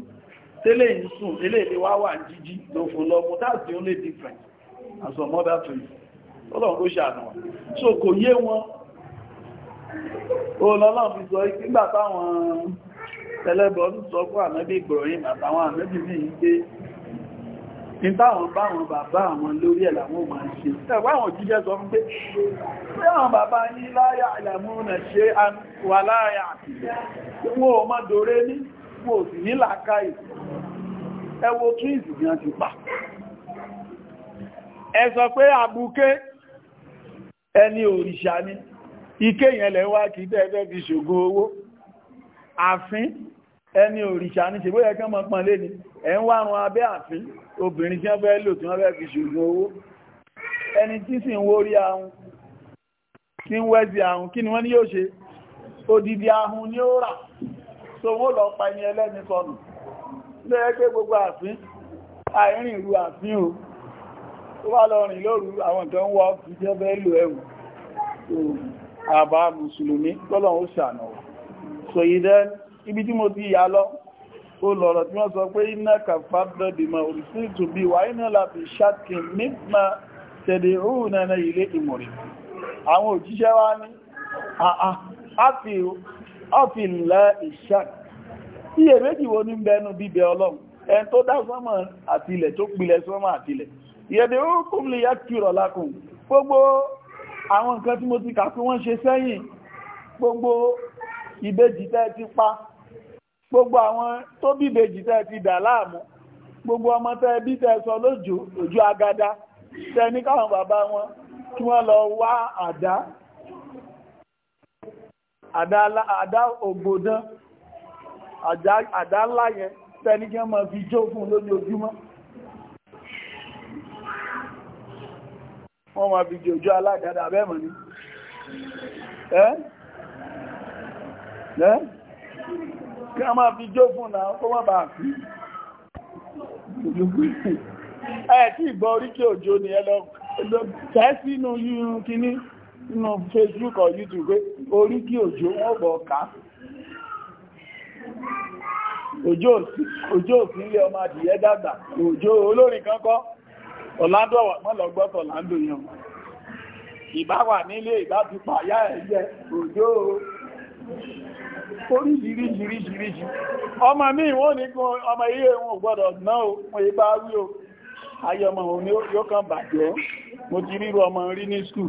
tẹ́lẹ̀ ń sùn eléèlé wá wà jíjí ló fún lọ́mọ that's the only difference as a mother to you ọlọ́run kó ṣàánà so kò yé wọn olọ́lọ́run fi sọ nígbà táwọn ẹlẹ́bọ̀ ń sọ fún ànábì Ibrahim àtàwọn ànábì ní ìgbé ní táwọn báwọn bàbá àwọn lórí ẹ̀ làwọn ò máa ṣe ẹ̀kọ́ àwọn òjíṣẹ́ sọ fún pé pé àwọn bàbá yí láyà àyàmú nà ṣe wà láyà àti wọn ò má dòrè ní wọn ò sì ní làákàyè ẹ wo ti pa ẹ sọ pé àbúké ẹni òrìṣà ni ike yẹn wá kí tẹ́ẹ̀fẹ́ fi ṣògo owó àfin ẹni òrìṣà ní ṣègbóyẹ kí wọ́n lé ń wá run abẹ́ àfin obìnrin tí wọ́n fẹ́ ẹni tí sì ń wórí ahun tí ń wẹ́sì ahun odidi ahun ni ó rà so wọ́n lọ pa ẹni ẹlẹ́ni sọnù lẹ́yẹ́ pé gbogbo àfin àìrìn ìlú àfin o tó wá lọ rìn lóru àwọn tó ń wọ́ ìjẹ́ bẹ́ẹ̀ lò ẹ̀wù àbá mùsùlùmí tọ́lọ̀ ó ṣànà so ìdẹ́ ibi tí mo ti yà lọ ó lọ̀rọ̀ tí wọ́n sọ pé iná kàfà bẹ́ẹ̀dìmọ̀ òrìsí tó bí wà iná láti ṣàkín mímọ̀ tẹ̀lẹ̀ òun náà ilé ìmọ̀rìn àwọn òjíṣẹ́ wá ní àà á fi ọ́fìnlá ìṣàk tí èméjì wo ní bẹnu bíbẹ ọlọ́run ẹn tó dá sánmọ̀ àtilẹ̀ tó pilẹ̀ sánmọ̀ àtilẹ̀ ìyẹ̀dẹ̀ ó kún lè yá kìrọ̀ lákùn gbogbo àwọn nǹkan tí mo ti kà fún wọ́n ṣe sẹ́yìn gbogbo ìbejì tẹ́ ti pa gbogbo àwọn tó bí ìbejì tẹ́ ti dà láàmú àdá ògbòdán àdá ńlá yẹn tẹni kí wọ́n máa fi jó fún lójoojúmọ́ wọ́n ma. fi jòjó aládàdà abẹ́mọ̀ ní ẹ́ ẹ́ kí wọ́n máa fi jó fún náà kó wọ́n bá fi ẹ̀ tí ìgbọ́ oríkì òjò ni ẹ lọ tẹ́ sínú yìí kìíní nínú Facebook or YouTube orí kí òjò wọ́n bọ̀ ká òjò òfínlẹ̀ ọmọ adìyẹ dàgbà òjò olórin kankọ́ ọ̀làdọ̀wà mọ́lọ̀gbọ́tọ̀ láńdò yàn ìbá wà nílé ìbá ti pàyà ẹ̀yẹ òjò oríṣiríṣiríṣiríṣi ọmọ mi wọ́n ní kún ọmọ ilé wọn gbọ́dọ̀ náà wọ́n yí bá rí o ayọmọ òun yóò kàn bàjẹ́ mo ti ríru ọmọ rí ní skul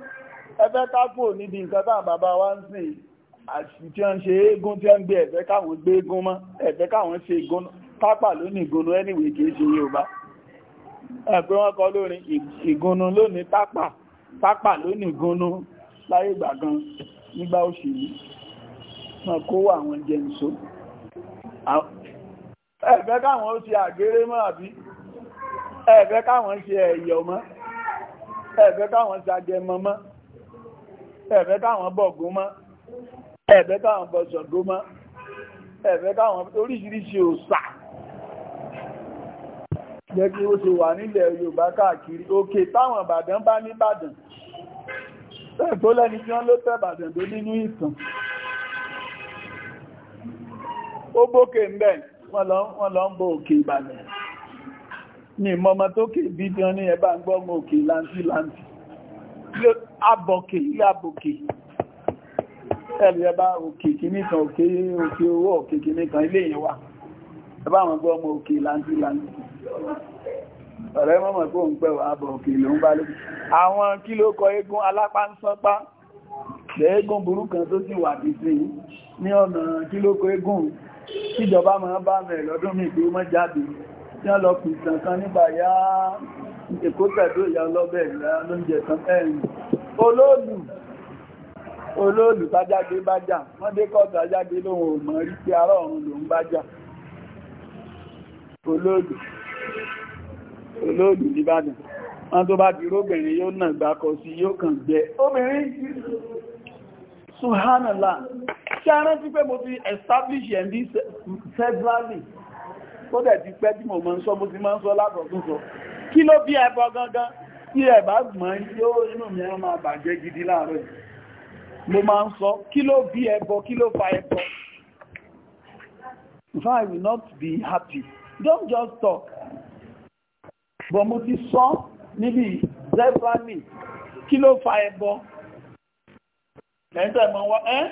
ẹfẹ́ kápò níbi nǹkan táwọn bàbá wa ń sìn àti tí wọ́n ṣe eégún tí wọ́n gbé ẹ̀fẹ́ káwọn gbé eégún mọ́ ẹ̀fẹ́ káwọn ṣe ìgúnná pápá lónìí ìgúnnú ẹnìwé kìí ṣe Yorùbá ẹ̀pẹ́ wọ́n kọ lórin ìgúnnú lónìí pápá pápá lónìí ìgúnnú láyé ìgbà gan nígbà òṣèlú wọn kó àwọn jẹnso ẹ̀fẹ́ káwọn ṣe àgéré mọ́ àbí ẹ̀fẹ́ káwọn ṣe ẹ̀yọ̀ mọ́ ẹ̀fẹ́ káwọn ṣe àgẹmọ mọ́ ẹ̀fẹ́ káwọn bọ̀ gómá ẹ̀fẹ́ káwọn bọ̀ ṣọ̀gómá ẹ̀fẹ́ káwọn oríṣiríṣi òṣà jẹ́ kí ó ṣe wà nílẹ̀ Yorùbá káàkiri òkè táwọn Ìbàdàn bá ní Ìbàdàn tó lẹ́ni tí wọ́n ló tẹ́ Ìbàdàn tó nínú ìtàn ó bókè ń bẹ̀ wọ́n lọ ń bọ òkè Ìbàdàn ní ìmọ̀mọ̀ tó kè bí tí wọ́n ní ẹ̀bá ń gbọ́ òkè láńtí láńtí abọ̀kè ilé abọ̀kè ẹ̀rì ẹba òkè kìníkan òkè òkè owó òkè kìníkan ilé yẹn wà ẹbá àwọn gbọ́ ọmọ òkè láńtí láńtí ọ̀rẹ́ mọ́mọ̀ kó ń pẹ̀wọ̀ abọ̀ òkè ló ń bá lókè àwọn kí ló kọ eégún alápá ń sánpá lẹ́ẹ̀gùn burú kan tó sì wà bí sí ní ọ̀nà kí ló kọ eégún tíjọba máa bá mẹ́ lọ́dún mi pé ó mọ́ jáde tí wọ́n lọ pìtàn kan nígbà yáá èkó tàbí ìyá ọlọ́bẹ̀ ìyá lóúnjẹ kan ẹ̀rìn olóòlù olóòlù bájáde bájà wọ́n dé kọ́ọ̀tù ajáde lóhun ò mọ̀ rí pé ará ọ̀run lòún bájà olóòlù olóòlù nìbàdàn wọ́n tó bá di róbìnrin yóò nà gbákọ sí yóò kàn gbẹ obìnrin subhanallah ṣe arántí pé mo ti establish ẹ̀ndí federally kó dẹ̀ ti pẹ́ tí mo máa ń sọ mo ti máa ń sọ látọ̀ kí ló bí ẹbọ gangan tí ẹ bá gbọ́n yóò inú mi á máa bàjẹ́ gidi láàárọ̀ yìí mo máa ń sọ kí ló bí ẹbọ kí ló fa ẹbọ if I will not be happy don't just talk but mo ti sọ níbi zefani kí ló fa ẹbọ ẹ̀ńtẹ̀ mọ̀ wọ́n ẹ́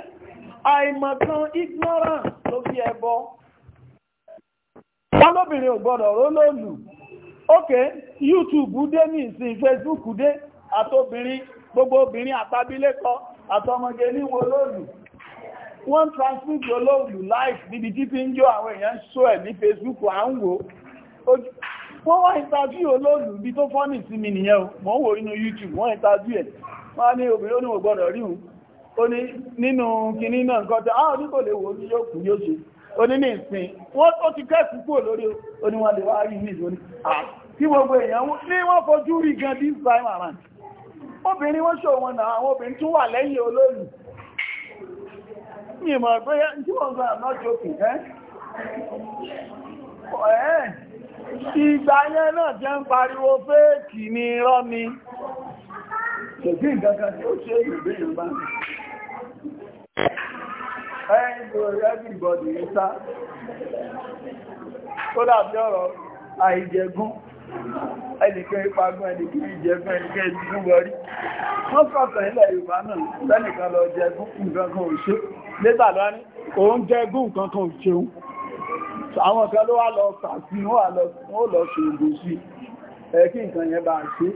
àìmọ̀kan ignorance ló bí ẹbọ wọ́n lóbìnrin ò gbọ́dọ̀ rólóòlù ok youtube dé ní ìsìn facebook dé àtobìnrin gbogbo obìnrin àtàbílẹ́kọ àtọmọge níwọ olóòlù wọ́n transmit olóòlù live níbi tí fi ń jó àwọn èèyàn ṣó ẹ̀ ní facebook à ń wò wọ́n wá ìtajú olóòlù bí tó fọ́nì sí mi nìyẹn mò ń wò inú youtube wọ́n ìtajú ẹ̀ wọ́n ní obìnrin ó ní wò gbọ́dọ̀ ríhun ó ní nínú kinní náà nǹkan tẹ́ àwọn ah, oníkò lè wò ní yóò kú yóò ṣe ó ní ní ìsìn wọ́n tó ti kẹ́ẹ̀kú kúrò lórí ó ní wọ́n ní ìlú ah, tí gbogbo èèyàn ní wọ́n fojú rí gan this time obìnrin wọ́n ṣò wọn náà àwọn obìnrin tún wà lẹ́yìn olóòlù ní ìmọ̀ pé eh, tí wọ́n sọ àmọ́ jókè ẹ́ ìgbà yẹn náà jẹ́ ń pariwo fẹ́ẹ̀kì ní irọ́ ni ṣètí eh, Everybody, ẹnìkan ipagun ẹnìkan ìjẹ̀gún ẹnìkan ìdíkún wọrí wọ́n sọ̀tọ̀ ilẹ̀ Yorùbá náà lẹ́nìkan lọ jẹgún nǹkan kan ò ṣe lébà lọ́ní òun jẹgún nǹkan kan ò ṣeun àwọn kan ló wá lọ kà sí wọ́n lọ ṣògbò sí ẹ kí nǹkan yẹn bá ṣe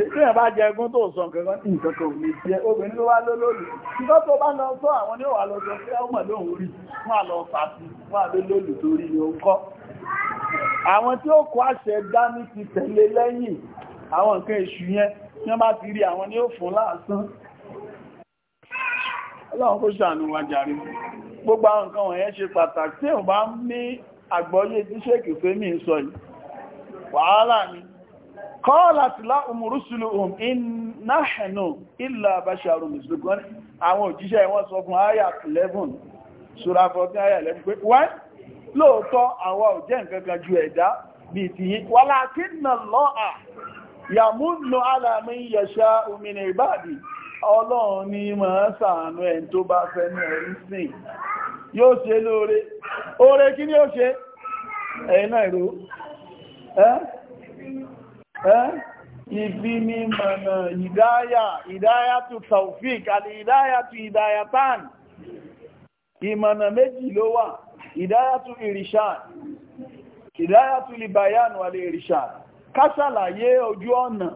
Ìpínlẹ̀ bá jẹ ẹgún tó sọ nǹkan nǹkan kò lè jẹ obìnrin ló wá lólórí. Ìgbọ́ tó bá lọ sọ àwọn ní òwà lọ sọ fẹ́ ọmọ lóhun rí, wọ́n lọ pàtí, wọ́n lólórí torí ni ó kọ́ àwọn tí ó kó àṣẹ dání ti tẹ̀lé lẹ́yìn àwọn nǹkan èṣù yẹn tí wọ́n bá ti rí àwọn ni ó fún láàsán ọlọ́run kó ṣàánú wa jàre gbogbo àwọn nǹkan wọ̀nyẹn ṣe pàtàkì tí ò bá ń ní àgbọ́yé tí ṣèkì pé mí sọ yìí wàhálà ni um ináhẹ̀nù ìlà àbáṣàrù mùsùlùmí àwọn òjíṣẹ́ wọn sọ fún àyà 11 sura 14 àyà 11 pé wáyé lóòótọ́ àwọn ò ju ẹ̀dá bí ti yí wàlá kí nà lọ́à alàmì yẹ̀ṣà òmìnà ìbáàdì ọlọ́run máa ṣàánú ẹni tó bá fẹ́ ní yóò kí ṣe mọ̀nà ìdáyà ìdáyà taufik àti ìdáyà ìdáyà tán ìdáyàtú ìrìṣàn ìdáyàtú ìbáyàn wà lè ìrìṣàn ká ṣàlàyé ojú ọ̀nà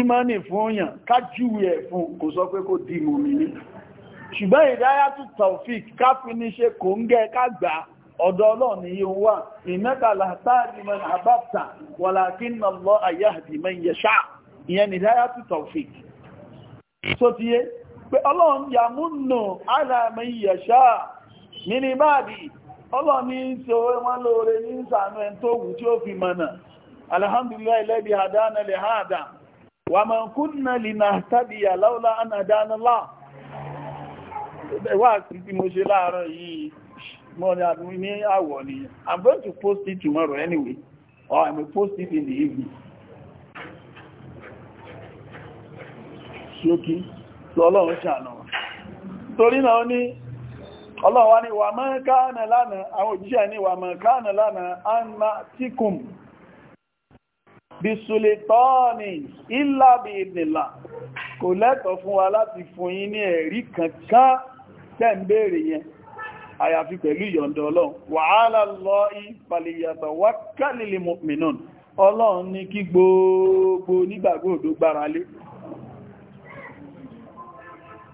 ìmọ́nì fún yàn ká júwe fún kò sọ pé kò di mùmínì ṣùgbọ́n ìdáyàtù taufik ká ní ṣe kò ń gẹ ká gbà ọ̀dọ̀ ọlọ́run ni yíò wà ìmẹ́kàlá táàdì man àbáta walakinna ìyẹn taufik ọlọ́ni ṣe wọn lóore ní ìsànú ẹn tó wù tí ó fi mọ̀nà alhamdulillah alladhi hadana li hada wa man kunna linahtadiya lawla Ebe hadana Allah wà tí mo ṣe láàárọ̀ yìí mọ́ ni àdúrí ní àwọ̀ ni I'm going to post it tomorrow anyway or I to post it in the evening ṣókí torí náà ọlọ́run wá ní wà mọ́ káànà lánàá àwọn òjíṣẹ́ ní wà mọ́ káànà lánàá anna tikum bisulitọ́ọ̀nì ìlàbí ìdìlà kò lẹ́tọ̀ọ́ fún wa láti fún yín ní ẹ̀rí kankan tẹ́ ń béèrè yẹn àyàfi pẹ̀lú ìyọ̀ǹda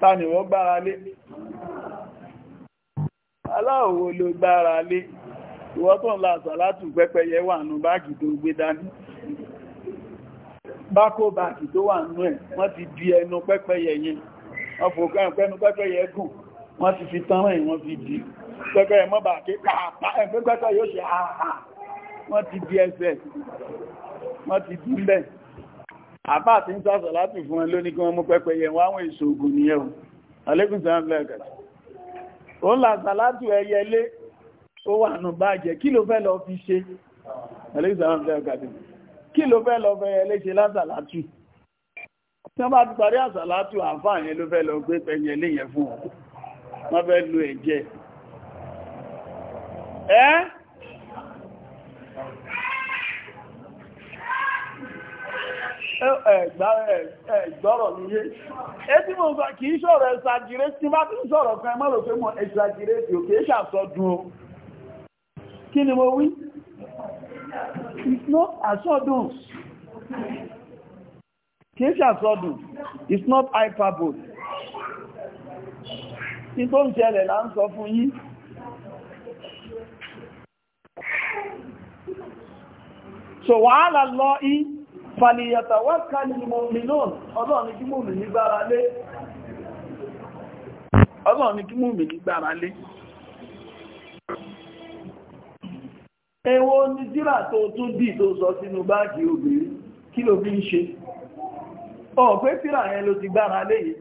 ta ni wọ́n gbáralé aláwọ̀ ló gbára lé ìwọ tó ń la sàlátù pẹ́pẹ́yẹ wà nù báàgì tó gbé dání bákó báàgì tó wà nù ẹ̀ wọ́n ti di ẹnu pẹ́pẹ́yẹ yẹn wọ́n fòkàn pẹ́nu pẹ́pẹ́yẹ gùn wọ́n ti fi tán rẹ̀ wọ́n fi di pẹ́pẹ́yẹ mọ́ bà kí kàápá ẹgbẹ́ pẹ́pẹ́ yóò ó la sàlátù ẹyẹlé ó wà nù bàjẹ́ kí ló fẹ́ lọ fi ṣe kí ló fẹ́ lọ fẹ́ ẹyẹlé ṣe lásàlátù tí wọ́n bá ti parí àsàlátù àǹfà yẹn ló fẹ́ lọ gbé ẹyẹlé yẹn fún wọn fẹ́ lu ẹ̀jẹ̀ ẹgbọ́rọ̀ níye etí mo sọ kìí sọ̀rọ̀ ẹ̀sàgìrẹ́ tí má tí ń sọ̀rọ̀ kan mọ́ lò pé mọ́ ẹ̀sàgìrẹ́ tí ò kìí ṣàsọdún o kí ni mo wí it's not àsọdún kìí it's not hyperbole tí tó ń ṣẹlẹ̀ là ń sọ fún yín so wàhálà lọ yìí fàlìyàtà wá kàlì mọ̀mìnàn ọlọ́run ni kí mọ̀mìnì gbára lé èwo ni tírà tó tún dì tó sọ sínú báàgì obìnrin kí ló bí ń ṣe ọ̀ pé yẹn ló ti gbára lé yìí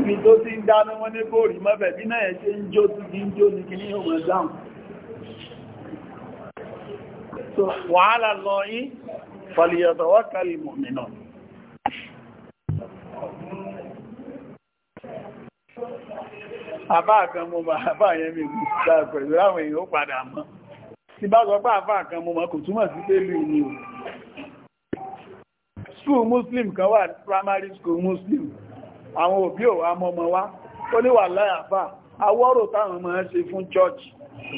ibi tó ti ń dáná wọ́n ní bóòrí mọ́bẹ̀ bí náà ẹ̀ ṣe ń jó ti ń jó ní kìíní ọmọ dáhùn so wàhálà lọ yí fọlìyàtọ̀wọ́ kàlì mọ̀mìnà àbá kan mo mọ̀ àbá yẹn mi kù dá pẹ̀lú àwọn èèyàn ó padà mọ́ tí bá sọ pé àbá kan mo kò túmọ̀ sí pé lù o school muslim kan wà primary school muslim àwọn òbí ò wá mọ́mọ́ wá ó ní wà láyàfà awọ́rò táwọn ọmọ ẹ ṣe fún church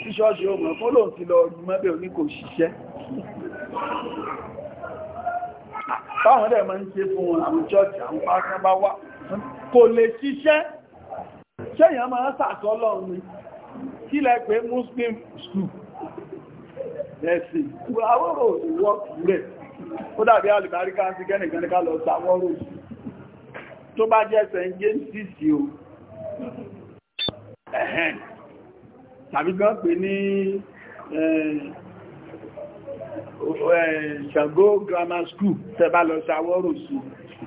tí ṣọ́ọ̀ṣì ó mọ̀ fún lòun ti lọ ọdún mọ́bẹ̀ òní kò ṣiṣẹ́ táwọn dẹ̀ máa ń ṣe fún àwọn church àwọn pásán bá wá kò lè ṣiṣẹ́ ṣẹ́yàn máa sàtọ́ lọ́run ni kí lẹ pé muslim school ẹ̀sìn àwọ́rò ìwọ́ rẹ̀ ó dàbí alìbáríkà sí kẹ́nìkan ní ká lọ sàwọ́rò sí tó bá jẹ́ St. James dc o ẹ̀hẹ́n tàbí gan pè ní Ṣàngó Grammar School tẹ́bá lọ ṣàwọ́rò sí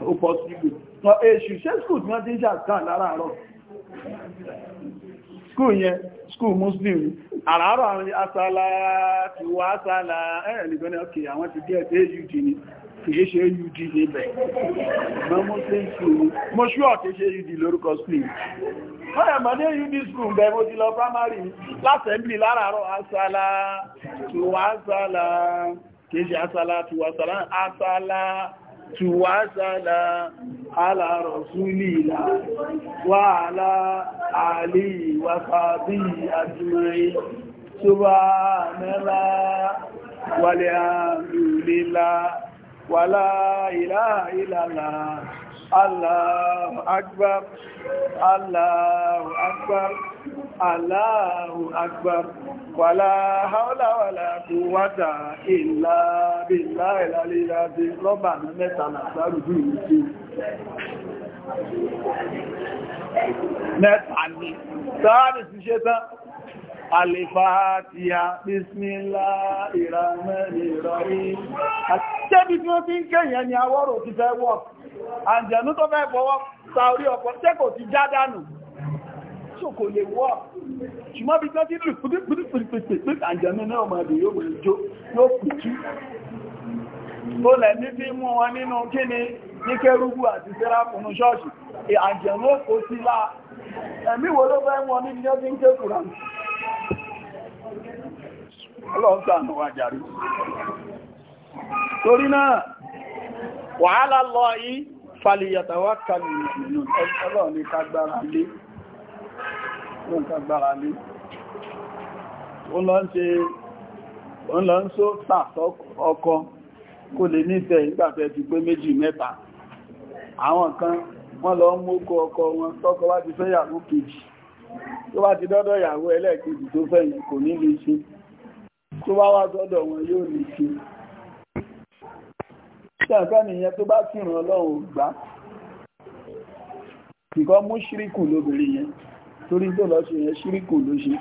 ó pọ̀ síbò tọ́ èṣù ṣe skùl tí wọ́n ti ń ṣàtàn láràárọ̀ skùl yẹn skùl Muslim àràárọ̀ asàlá ti wà asàlá ẹ̀rẹ̀ nìkan ní ọkè àwọn ti gẹ́ẹ̀ kìí ṣe ud níbẹ̀ mo ṣúọ̀ kìí ṣe ud lórúkọ spleen wọ́n ẹ̀mọ̀ ní ud school bẹ̀ mo ti lọ primary lásẹ̀mblì láràárọ̀ asálá tùwà asálá kìí ṣe asálá tùwà asálá asálá tùwà asálá alàrọ̀ súlì ìlà wà alá àlè wàfàbí àjùmọ̀ Subhanallah wal hamdulillah ولا إله إلا الله الله أكبر الله أكبر الله أكبر ولا حول ولا قوة إلا بالله العلي العظيم ربنا متنا سرجو mẹ́ta ni sáàrì sí ṣe tán alifáàtíyà bísmílá ìrànmẹ́rin ìrọ̀rí àtẹ́bí tí wọ́n fi ń kẹ́yẹn ni awọ́rò ti fẹ́ wọ́ àjẹ̀nú tó fẹ́ bọ́wọ́ ta orí ọ̀pọ̀ tẹ́ kò ti já dànù tó kò lè wọ́ ṣùgbọ́n bí tọ́tí lù pípípípípípí àjẹ̀nú náà mọ̀dé yóò mọ̀ jó yóò pìtú tó lẹ̀ ní fi mú wọn nínú kíni ní kẹrùbù àti sẹ́ráfùnú ṣọ́ọ̀ṣì àjẹ̀nú kò sí lá ẹ̀mí wo ló fẹ́ wọn ní ìjọ́ tí ń ké kùránù ọlọ́run ṣàánú wa jàre torí náà wàhálà lọ yìí falìyàtàwà kàlù ọlọ́run ní kágbára lé ó lọ ń ṣe ó lọ ń só tàtọ́ ọkọ kò lè nífẹ̀ẹ́ ìgbàfẹ́ ti gbé méjì mẹ́ta àwọn kan wọ́n lọ ń mókó ọkọ wọn tọ́kọ wá ti fẹ́ yàwó kejì tó bá ti dọ́dọ̀ yàwó ẹlẹ́ẹ̀kejì tó fẹ̀yìn kò ní lè ṣe tó wá wá sọ́dọ̀ wọn yóò lè ṣe ṣàǹkà nìyẹn tó bá sì ràn ọlọ́run gbà nǹkan mú ṣíríkù lóbìnrin yẹn torí tó lọ ṣe yẹn ṣíríkù ló ṣe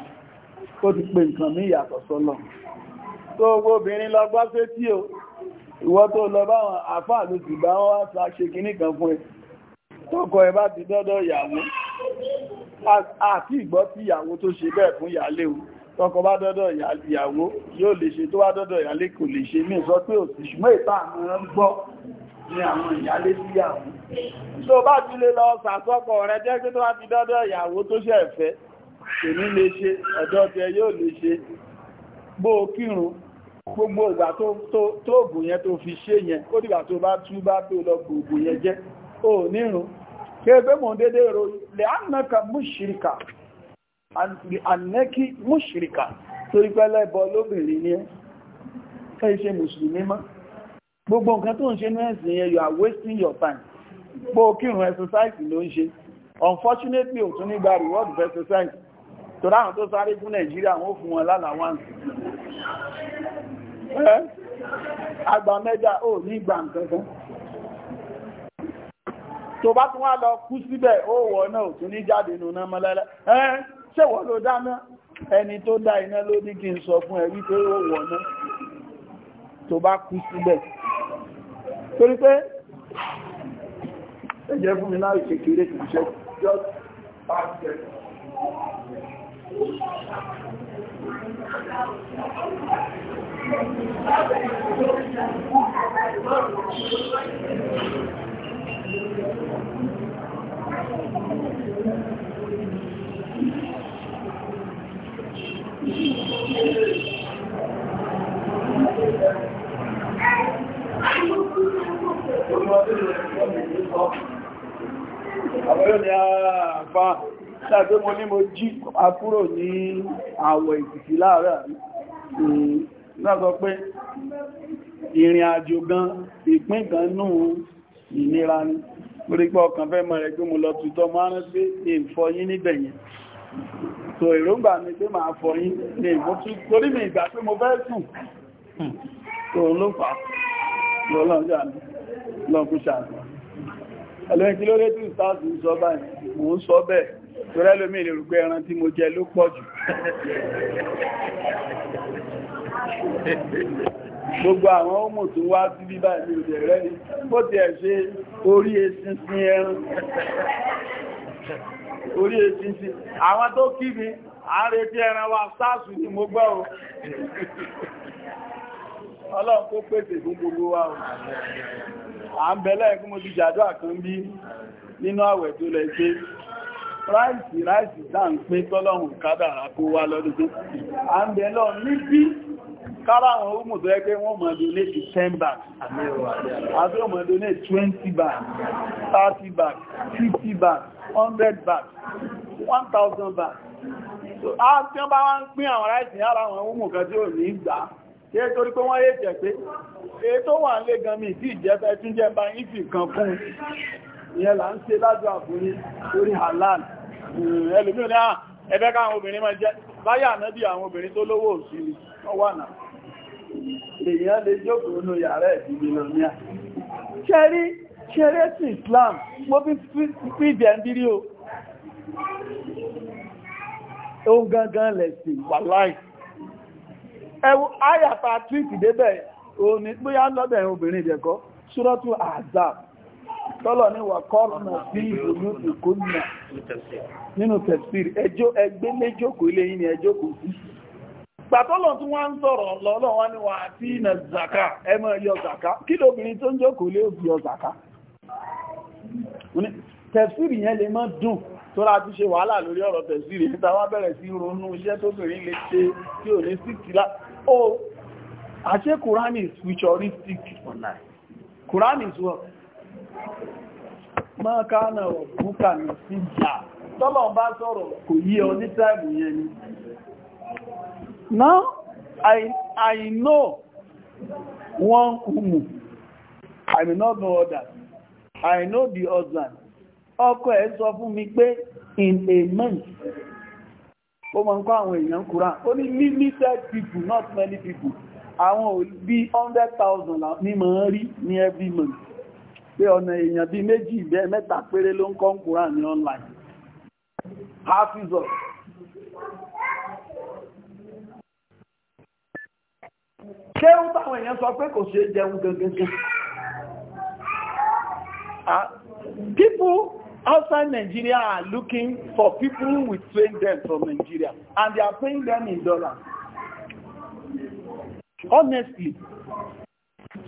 ó ti pe nǹkan mí ìyàtọ̀ sọ́lọ̀ tó owó obìnrin lọ gbọ́ pé tí o ìwọ tó lọ báwọn àfáà ló sì bá wọn wá sa ṣe kinní kan fún ẹ tọkọ ẹ bá ti dọ́dọ̀ ìyàwó àti ìgbọ́ tí ìyàwó tó ṣe bẹ́ẹ̀ fún ìyálé tọkọ bá dọ́dọ̀ ìyàwó yóò lè ṣe tó bá dọ́dọ̀ ìyálé kò lè ṣe mí sọ pé òsì ṣùgbọ́n ìta àwọn ń gbọ́ ní àwọn ìyálé síyàwó tó bá ti lè lọ sàtọ́kọ̀ rẹ jẹ́ pé tó bá ti dọ́dọ̀ ìyàwó tó ṣẹ̀ fẹ́ tèmi lè ṣe ọ̀dọ́ tẹ yóò lè ṣe bó kírun gbogbo ìgbà tó ògùn yẹn tó fi ṣe yẹn ó dìgbà tó bá tú bá tó lọ gbogbo yẹn jẹ́ ò nírun kí ẹgbẹ́ mọ̀ dédé ro lè á nà kà mú ṣìríkà anẹ́kí mùṣìríkà torí pẹ́lẹ́ bọ lóbìnrin ní ẹ́ fẹ́ ṣe mùsùlùmí mọ́ gbogbo nǹkan tó ń ṣe ní ẹ̀sìn yẹn you are wasting your time pé o kírun exercise ló ń ṣe unfortunately ò tún nígbà reward for exercise tó dáhùn tó sáré fún Nigeria wọ́n fún wọn lálàwáǹsì àgbà mẹ́jà ò ní ìgbà nǹkan kan tó bá tún wá lọ kú síbẹ̀ ó wọ̀ náà ò tún ní jáde nù náà mọ́lẹ́lẹ́ ṣẹ́wọ́ ló dáná ẹni tó dá iná ló ní kí n sọ fún ẹ wípé ó wọ̀ná tó bá kú síbẹ̀ torí pé ẹjẹ́ fún mi láì kékeré kìí ṣe just past Thank you. Àwọn yóò ní àpá ṣàgbé mo ní mo jí akúrò ní àwọ̀ ìtìsí láàárọ̀ náà sọ pé ìrìn àjò gan ìpín gan nù ìnira ni. Mo ọkàn fẹ́ mọ̀ rẹ̀ pé mo lọ tutọ́ máa rántí ìfọyín níbẹ̀yẹn so èròǹgbà mi pé máa fọ yín ní ìmútú torí mi ìgbà pé mo fẹ́ sùn tó hmm. ló fà lọ́lọ́jà ní lọ́kúṣà ẹlẹ́yìn kí ló lé tí ìsáàtì ń sọ báyìí mò ń sọ bẹ́ẹ̀ torí ẹlòmí lè rúgbẹ́ ẹran tí mo jẹ ló pọ̀ jù gbogbo àwọn ọmọ tó wá sí bíbá ìlú òdè rẹ̀ ni bó ti ẹ̀ ṣe orí eṣinṣin ẹran orí eṣinṣin àwọn tó kí mi àárẹ̀tí ẹran wa sáàsù ni mo gbọ́ o ọlọ́run kó pèsè fún gbogbo wa o à ń bẹ̀lẹ̀ ẹ̀kún mo ti jàdó àkán bí nínú àwẹ̀ tó lẹ ṣe ráìsì ráìsì dáa ń pín tọ́lọ́run kádàrà kó wá lọ́dún tó à ń bẹ̀lọ́ kára àwọn ohun tó ẹgbẹ́ wọ́n mọ̀ donate 10 bag àti wọ́n mọ̀ donate 20 bag 30 bag 50 bag 100 bag 1000 bag tí wọ́n bá wá ń pín àwọn ráìsì ara àwọn ohun kan tí ò ní gbà tí é torí pé wọ́n yé jẹ́ pé èyí tó wà lé gan mi tí ìjẹ́fẹ́ tún jẹ́ bá ìfì kan fún ìyẹn là ń ṣe lájọ àbúrí lórí halal ẹlùmí ò ní ah, ẹ̀bẹ́ káwọn obìnrin máa jẹ́ láyé ànábì àwọn obìnrin tó lówó òsì wọ́n wà náà èèyàn lè jókòó ní yàrá ìdílé lọ ní à ṣẹ́rí ṣẹ́rí sí Islam mo fi fídẹ̀ ń dírí o ohun gangan lẹ̀sìn wà láì ẹwọ ayàtà tíìtì débẹ̀ òní bóyá lọ́bẹ̀ obìnrin ìdẹ̀kọ́ tọ́lọ̀ ní wà kọ́ọ̀nà sí ìlú ìkóníà nínú tẹ̀síìrì ẹjọ́ ẹgbẹ́ méjòkó ilé yìí ni ẹjọ́kó sí gbàtọ́lọ̀ tí wọ́n ń sọ̀rọ̀ lọ́lọ́ wọn ni wà tí ìnà zaka ẹ máa yọ kí lóbìnrin tó ń jókòó lé òbí yọ zaka yẹn lè má dùn tó láti ṣe wàhálà lórí ọ̀rọ̀ níta o àṣẹ kùránì kùránì máa káànà ọ̀pùnkà ní sí ìjà tọ́lọ̀ bá sọ̀rọ̀ kò yí ọ ní táìmù yẹn ni now I, I know one umu I may not know others I know the husband ọkọ ẹ̀ sọ fún mi pé in a month ó mọ̀ ń kọ́ àwọn èèyàn kúrà ó ní limited people not many people àwọn ò bí 100,000 ní mọ̀ ń rí ní every month pé ọ̀nà èèyàn bíi méjì bẹ́ẹ̀ mẹ́ta péré ló ń kọ́ ń kúrà ní online hafizor ṣé ń táwọn èèyàn sọ pé kò ṣe é jẹun gangan ah, people outside Nigeria are looking for people who will train them from Nigeria and they are paying them in dollars honestly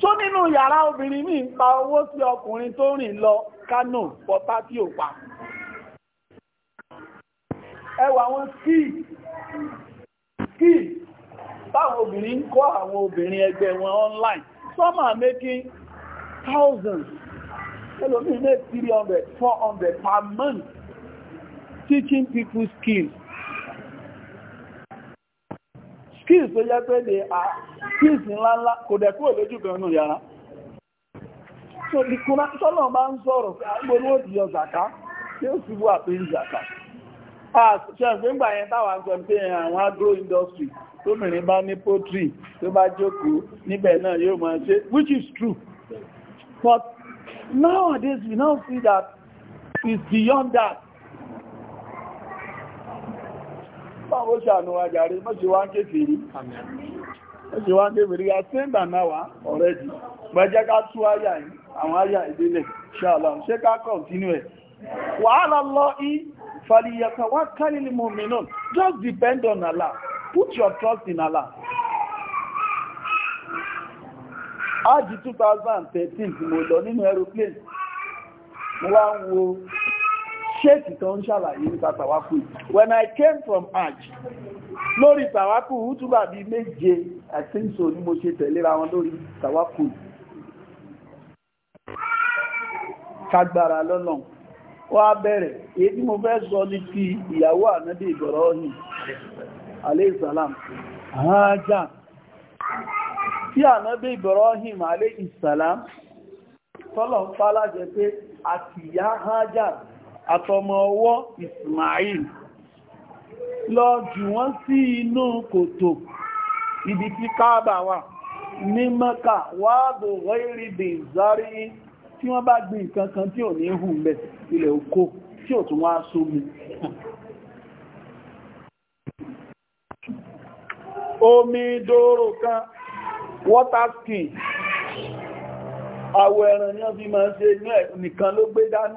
tó nínú yàrá obìnrin ní ìpa owó sí ọkùnrin tó rìn lọ Kánò pọ̀tá tí ò pa ẹwà àwọn skii skii táwọn obìnrin ń kọ́ àwọn obìnrin ẹgbẹ́ wọn online some are making thousands ẹlòmíì make 300 400 per month teaching people skills skills tó jẹ́ pé they are skills ńláńlá kò dẹ̀ kúrò lójú kan nù yàrá so ìkúnná sọ́nà máa ń sọ̀rọ̀ pé agbóni ó ti yọ zàká tí ó sì wà pé ń zàká ṣẹ̀fẹ́ ńgbà yẹn táwọn sọ pé àwọn agro industry tóbìnrin bá ní poultry tó bá jókòó níbẹ̀ náà yóò máa ṣe which is true but nowadays we now see that it's beyond that báwo ṣàánú àjàrí mọ́ṣe wá ń kéfèrí mọ́ṣe wá ń kéfèrí ya sínbà náà wá ọ̀rẹ́dì gbẹ́jẹ́ ká tú àyà yìí àwọn àyà ìdílẹ̀ ṣàlá ṣe ká kọ̀ntínú ẹ̀ wàhálà lọ í fàlìyàkà wá kálìlì mọ̀mìnà just depend on Allah put your trust in Allah ájì 2013 mo lọ nínú aeroplane mo wá ń wo ṣéèkì tó ń ṣàlàyé nípa tàwákù when I came from hajj lórí tàwákù hútùbà bíi méje I think so ni mo ṣe tẹ̀léra wọn lórí tàwákù kagbára lọ́nà ó á bẹ̀rẹ̀ èyí tí mo fẹ́ sọ ní ti ìyàwó ànábì ìgbọ̀rọ̀ ọ̀hìn aléìsàlám àájá tí ànábì ìgbọ̀rọ̀ ọ̀hìn Aleesalam, tọ́lọ̀ ń pá lájẹ pé àtìyá àájá àtọmọ ọwọ́ Ismail lọ jù wọ́n sí inú kòtò ibi tí káàbà wà ní Mẹ́kà wáàbò rẹ́rìdì zárí tí wọ́n bá gbin nǹkan kan tí ò ní hù mẹ́ ilẹ̀ oko tí ò tún wá sómi omi dóró kan water skin àwọ̀ ẹ̀ràn ni wọ́n fi máa ṣe inú ẹ̀ nìkan ló gbé dání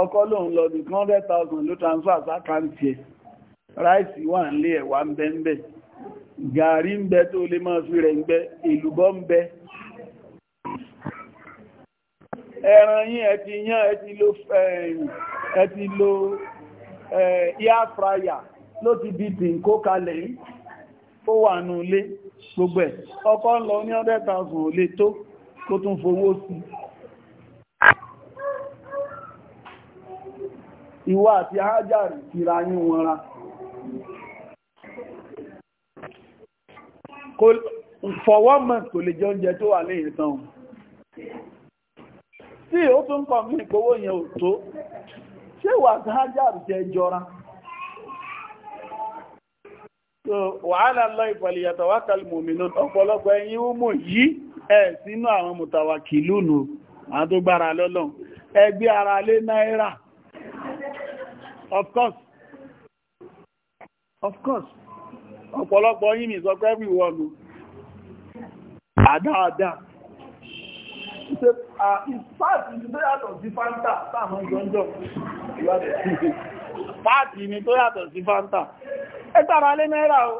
ọkọ lóun lọ bí 100,000 ló transfer sákàntì ẹ̀ ráìsì wà ń lé ẹ̀wà ń bẹ ń bẹ gàrí ń bẹ tó lè máa fi rẹ̀ ń bẹ èlùbọ́ ń bẹ ẹran yín ẹ ti yán ẹ ti lo ẹ ti lo air fryer ló ti di tí ń kó kalẹ̀ yìí ó wà nù ilé gbogbo ẹ̀ ọkọ ń lọ ní 100,000 ò lè tó kó tún fowó sí i ìwà àti ájàrí kìrà yín wọn ra fọwọ́mọ̀ kò lè jẹ oúnjẹ tó wà léyìn tán tí ó tún kọ̀ mí ìpowó yẹn ò tó ṣé ìwà àti ájàrí jẹ jọra wàhálà lọ ìfàlìyàtọ̀wà kalmòmìnà ọ̀pọ̀lọpọ̀ ẹ̀yin ó yìí ẹ̀ sínú àwọn mùtàwà kìlúnù àdúgbàrà lọ́lọ́ ẹgbẹ́ ara lé náírà of course of course ọ̀pọ̀lọpọ̀ yìí mi sọ pé everyone àdáadáa ṣe ìpáàtì ah, ni tó yàtọ̀ sí fanta táàmù jọjọ páàtì ni tó yàtọ̀ sí fanta ẹ tàbí alé náírà o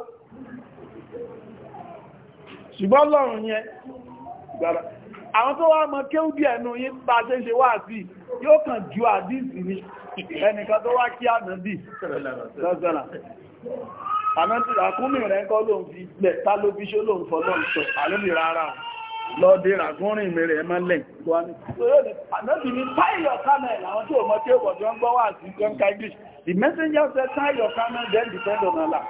ṣùgbọ́n lọ́rùn yẹn gbára àwọn tó wá mọ kéúdì ẹnu yí bá ṣe ṣe wá sí yóò kàn ju àdíìsì ni ẹnìkan tó wá kí ànábì lọ́sọ̀rọ̀ ànábì ràkúnmí rẹ̀ kọ́ ló ń fi lẹ̀ tá ló fi ṣó ló ń fọ́ lọ́n sọ ànábì rárá lọ́dé ràkúnrin mi rẹ̀ mọ́lẹ̀ ànábì ní tie your camel àwọn tí ò mọ̀ tí the messenger said tie your camel then depend on Allah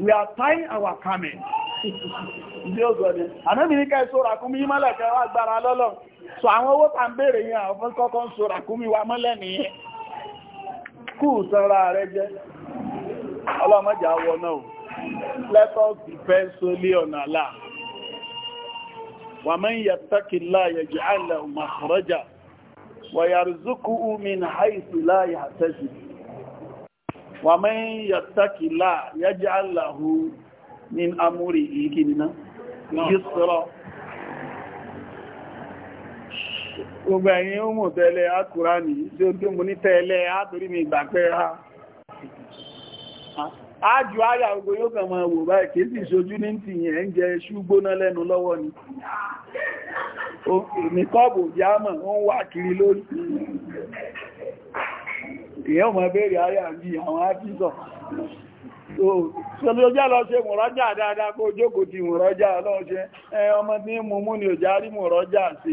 we are tying our camel ìdí ògọ́dẹ̀ ànábì ní káì sóra kúmí mọ́lẹ̀ kẹwàá gbára lọ́lọ́ so àwọn owó tà ń béèrè yẹn àwọn kọ́kọ́ ń sóra kúmí wa mọ́lẹ̀ nìyẹn kú sanra rẹ jẹ́ ọlọ́mọjà wọ náà let us depend solely on Allah wa man yattaqillah yaj'al lahu makhraja wa yarzuqhu min haythu la yahtasib wa man yattaqillah yaj'al lahu min amrihi ìkìnnà yusra gbogbo ẹ̀yin ó mọ̀ tẹ́lẹ̀ àkùrá ní tí ó tó ní tẹ́lẹ̀ àtòrí mi ha ájù ogun yóò kàn máa wò báyìí kìí sì ṣojú ní ti yẹn ń jẹ ṣú gbóná ni lọ ṣe dáadáa kó jókòó ti ẹ ọmọ tí mú mú ni ò járí sí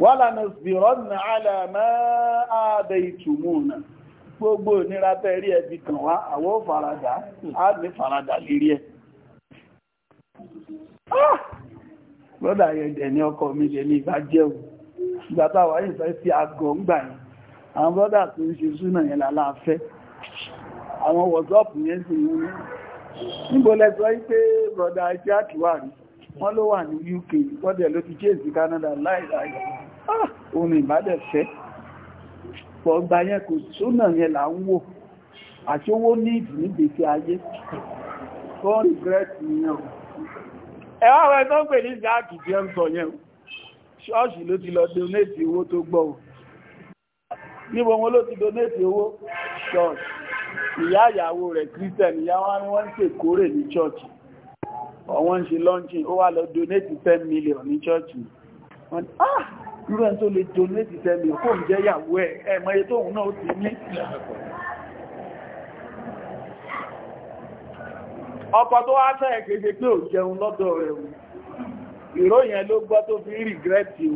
wàlà nasbironna ala ma adaytumuna gbogbo ìnira tẹ́ rí ẹbí kan wá àwọ́ faradà á ní faradà lérí ẹ̀ ah! brọ́dà ẹ̀dẹ̀ ní ọkọ̀ mi lè ní ìbá jẹ́ òun ìgbà táwà yìí fẹ́ sí àgọ́ ń gbà yìí àwọn brọ́dà tó ń ṣe súnà yẹn lálàáfẹ́ àwọn wọ̀sọ́ọ̀pù yẹn sì ń níbo lẹ́sọ́ pé brọ́dà ẹjẹ́ àkíwà rí wọ́n ló wà ní UK wọ́dẹ̀ ló ti chase Canada láìláì ohun ah, ìbádẹ̀ fẹ́ pọ̀gbà yẹn kò súnà yẹn là ń wò àti owó ní ìdí nígbèsí ayé fún regret yẹn ẹwà rẹ̀ tó ń pè ní zaaki jẹ́ ń sọ yẹn ṣọ́ọ̀ṣì ló ti lọ donate owó tó gbọ́ níbo wọn ló ti donate owó ṣọ́ọ̀ṣì ìyá ìyàwó rẹ̀ Christian ìyá wọn ni wọ́n ń ṣèkórè ní ṣọ́ọ̀ṣì ọ̀wọ́n ṣe lọ́nchí ó wá lọ donate 10 million ní chọ́ọ̀chì wọ́n ni ah rúrẹ́ tó lè donate 10 million kó ń jẹ́ yàwó ẹ̀ ẹ̀mọ́ iye tóhun náà ti ní ọkọ tó wá fẹ́ kéde pé ò jẹun lọ́dọ̀ rẹ̀ ìró yẹn ló gbọ́ tó fi regret you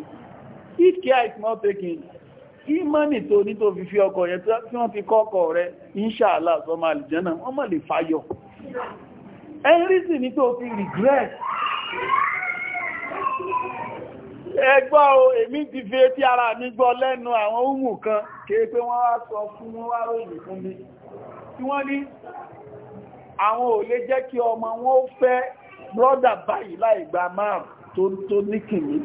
if care is not taken ìmọ́nì tó ní tó fi fi ọkọ yẹn tí wọ́n ti kọ́ ọkọ rẹ̀ inshallah sọmọ àlìjẹ́nà wọ́n mọ̀ lè fayọ̀ ẹ̀rísì ní tó fi regret ẹgbọ́ o èmi ti fi etí ara mi gbọ́ lẹ́nu àwọn ohun kan kéé pé wọ́n wá sọ fún wọ́n wá ròyìn fún mi tí wọ́n ní àwọn ò lè jẹ́ kí ọmọ wọn ó fẹ́ brọ́dà báyìí láì gba máàm tó níkìní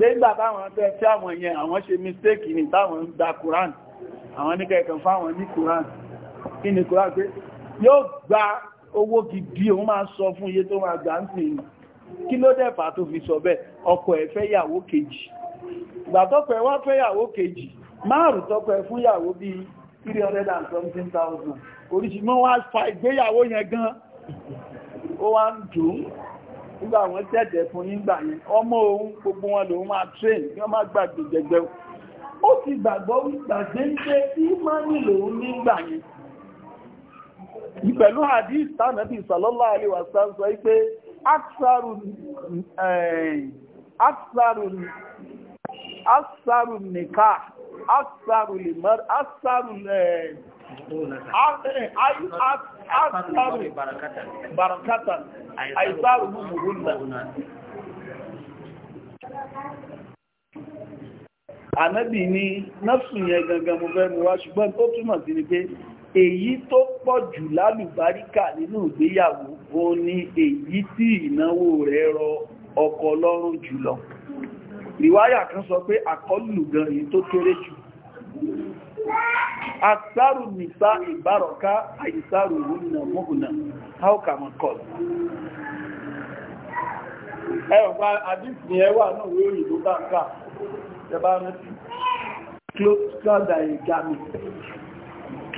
nígbà táwọn tẹ́ tí àwọn yẹn àwọn ṣe mistake ní táwọn ń gba Quran àwọn níkẹ̀ẹ́kan fáwọn ní Quran kí ni Quran pé yóò gba owó gidi òun máa sọ fún iye tó máa gbà ń sìn ní kí ló dẹ̀fà tó fi sọ bẹ́ẹ̀ ọkọ ẹ̀ fẹ́ yàwó kejì ìgbà tọ́pẹ́ wá fẹ́ yàwó kejì márùn tọ́pẹ́ fún yàwó bíi 300,000 oríṣìí mọ́ wá fa ìgbéyàwó yẹn gan ó wá ń dùn nígbà wọn tẹ́ẹ̀dẹ̀ fún nígbà yẹn ọmọ òun gbogbo wọn lòun máa train kí wọ́n má gbàgbé jẹgbẹ́ ó ti gbàgbọ́ gbàgbé ń pé tí mọ́nì lòun nígbà yẹn pẹ̀lú hadith tánàbí sallallahu alaihi sọ wípé aksarun nìká aksarun lèmọ́r aksarun aksarun barakatan àìsàrùn Ànábì ni, náà sùn yẹn gangan mo fẹ́ mú wá ṣùgbọ́n tó túmọ̀ sí ni pé èyí tó pọ̀ jù lálùbáríkà nínú ìgbéyàwó ó ní èyí tí ìnáwó rẹ̀ rọ ọkọ lọ́rùn jùlọ ìwáyà kan sọ pé àkọlù gan èyí tó kéré jù àtàrù nìta ìbárọ̀ká àìsàrù ìrúnà mọ́hùnà how come i call ẹ̀rọ̀pá àdísì ẹwà náà wé òyìnbó bá ń ká ẹbá rántí close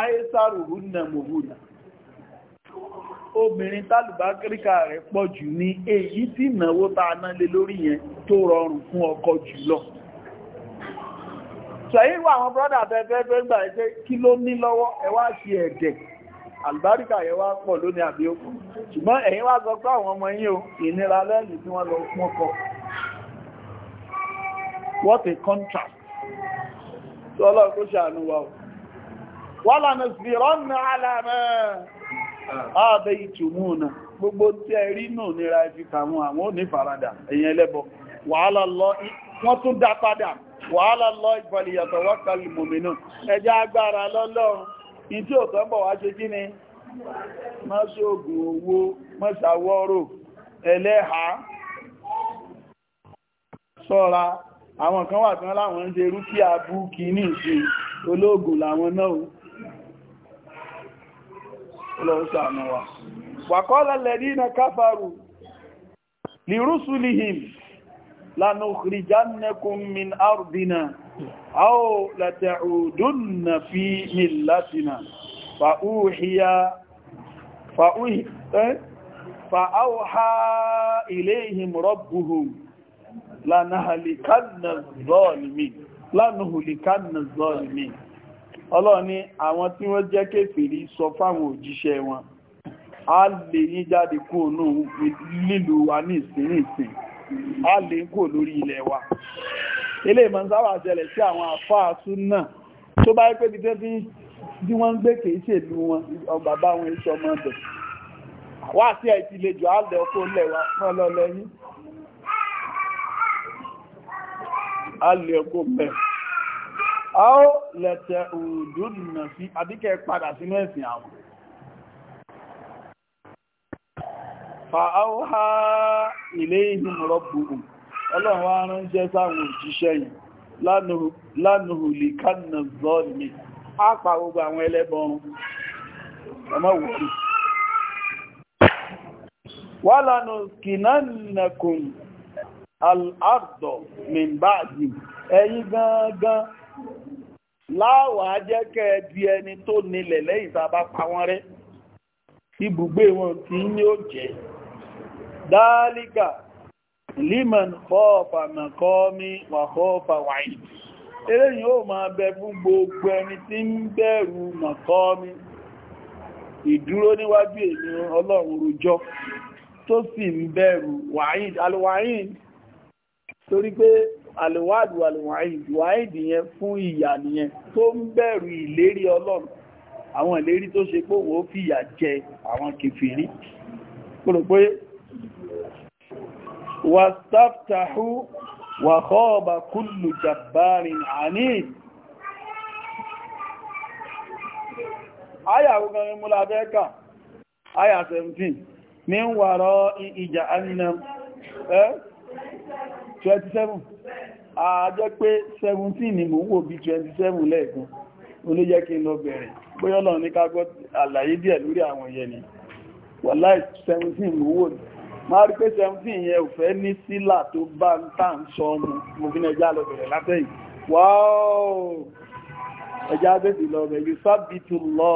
àìsàrò húnnà mòhúnà obìnrin tálùbákíríkà rẹ̀ pọ̀ jù ní èyí tí ìnáwó ta ná lé lórí yẹn tó rọrùn fún ọkọ jùlọ ṣẹ̀yìn wà àwọn brọ́dà fẹ́fẹ́fẹ́ gbà ẹgbẹ́ kí ló ní lọ́wọ́ ẹ ṣe ẹ̀dẹ̀ àlùbáríkà yẹn wá pọ̀ lónìí àbí ó ṣùgbọ́n ẹ̀yin wá sọ pé àwọn ọmọ yín ìnira lẹ́yìn tí wọ́n lọ fún what a contrast tí ọlọ́run kó ṣàánú wa o wọ́la na zìrán na ààbẹ̀ ìtùmù na gbogbo tí ẹ rí nira ẹfi àwọn òní farada ẹ̀yìn ẹlẹ́bọ wọ́n tún dá padà lọ ìfàlìyàtọ̀ wákàlì mòmìnà ẹjá agbára lọ́lọ́run wọ́n olóògùn làwọn náà ọlọ́run ṣàánú wa wàkọ́lá lẹ́dínà káfàrù lìrúsùlìhìm lánàkìrìjánẹ́kùn min ardina aó látẹ̀ọ̀dúnnà fi millatina fa'áwọ̀há iléhìm rọ́bùhùm lánàhùlìkánà zọ́ọ̀lìmí ọlọ́run ní àwọn tí wọ́n jẹ́ kéfèrí sọ fáwọn òjíṣẹ́ wọn a lè yín jáde kó nù lílù wa ní ìsinsìn a lè ń kó lórí ilẹ̀ wa ilé ìmọ̀ sábà ṣẹlẹ̀ sí àwọn àfáà súnà tó bá pé bíbẹ́ fi bí wọ́n ń gbé kìí ṣèlú wọn bàbá wọn iṣẹ́ ọmọ ọ̀dọ̀ wá sí ẹ̀ lè jù á lẹ̀ ọkọ̀ lẹ̀wà pọ́n lọ lẹ́yìn a lè ọkọ̀ mẹ́rin a ó lẹ̀tẹ̀ òòdó nìyàn sí àbíkẹ́ padà sínú ẹ̀sìn àwọn fa'áwá ilé ìhìn rọ́bùn ọlọ́run wá ránṣẹ́ sáwọn òjíṣẹ́ yìí lánàá lè kánà zọ́ọ̀lì á pa gbogbo àwọn ẹlẹ́bọrun ọmọ wà lánàá kìnnánàkùn al'ardọ̀ mìíràn ẹ̀yìn gangan láwàá jẹ́ kẹ́ ẹ di ẹni tó nílẹ̀ lẹ́yìn a bá pa wọ́n rẹ́ ibùgbé wọn tí ní ó jẹ́ dálíkà liman kọ́ọ̀fà mẹ́kọ́ọ́mí wà fọ́ọ̀fà wàyí eléyìn ó máa bẹ fún gbogbo ẹni tí ń bẹ̀rù mẹ́kọ́ọ́mí ìdúró níwájú èmi ọlọ́run rojọ́ tó sì ń àlèwádù àlèwàáìdù àìdì yẹn fún ìyà nìyẹn tó ń bẹ̀rù ìlérí ọlọ́run àwọn ìlérí tó ṣe pé wò ó fi ìyà jẹ àwọn kèfèrí pòròpé wàstaftahu wa khaba kullu jabbarin anid Aya gbogbo ni múlá a jẹ́ pé 17 ni mò ń wò bí 27 lẹ́ẹ̀kan oló jẹ́ kí n lọ bẹ̀rẹ̀ bóyọ́lọ̀ ní ká gbọ́ àlàyé díẹ̀ lórí àwọn ìyẹn ni wàláì 17 mò ń wò máa rí pé 17 yẹn ò fẹ́ ní sílà tó bá ń tà ń sọ ọmọ mo fi nẹjá lọ bẹ̀rẹ̀ látẹ̀yìn wáò ẹjá bẹ̀bì lọ bẹ̀rẹ̀ sábìtù lọ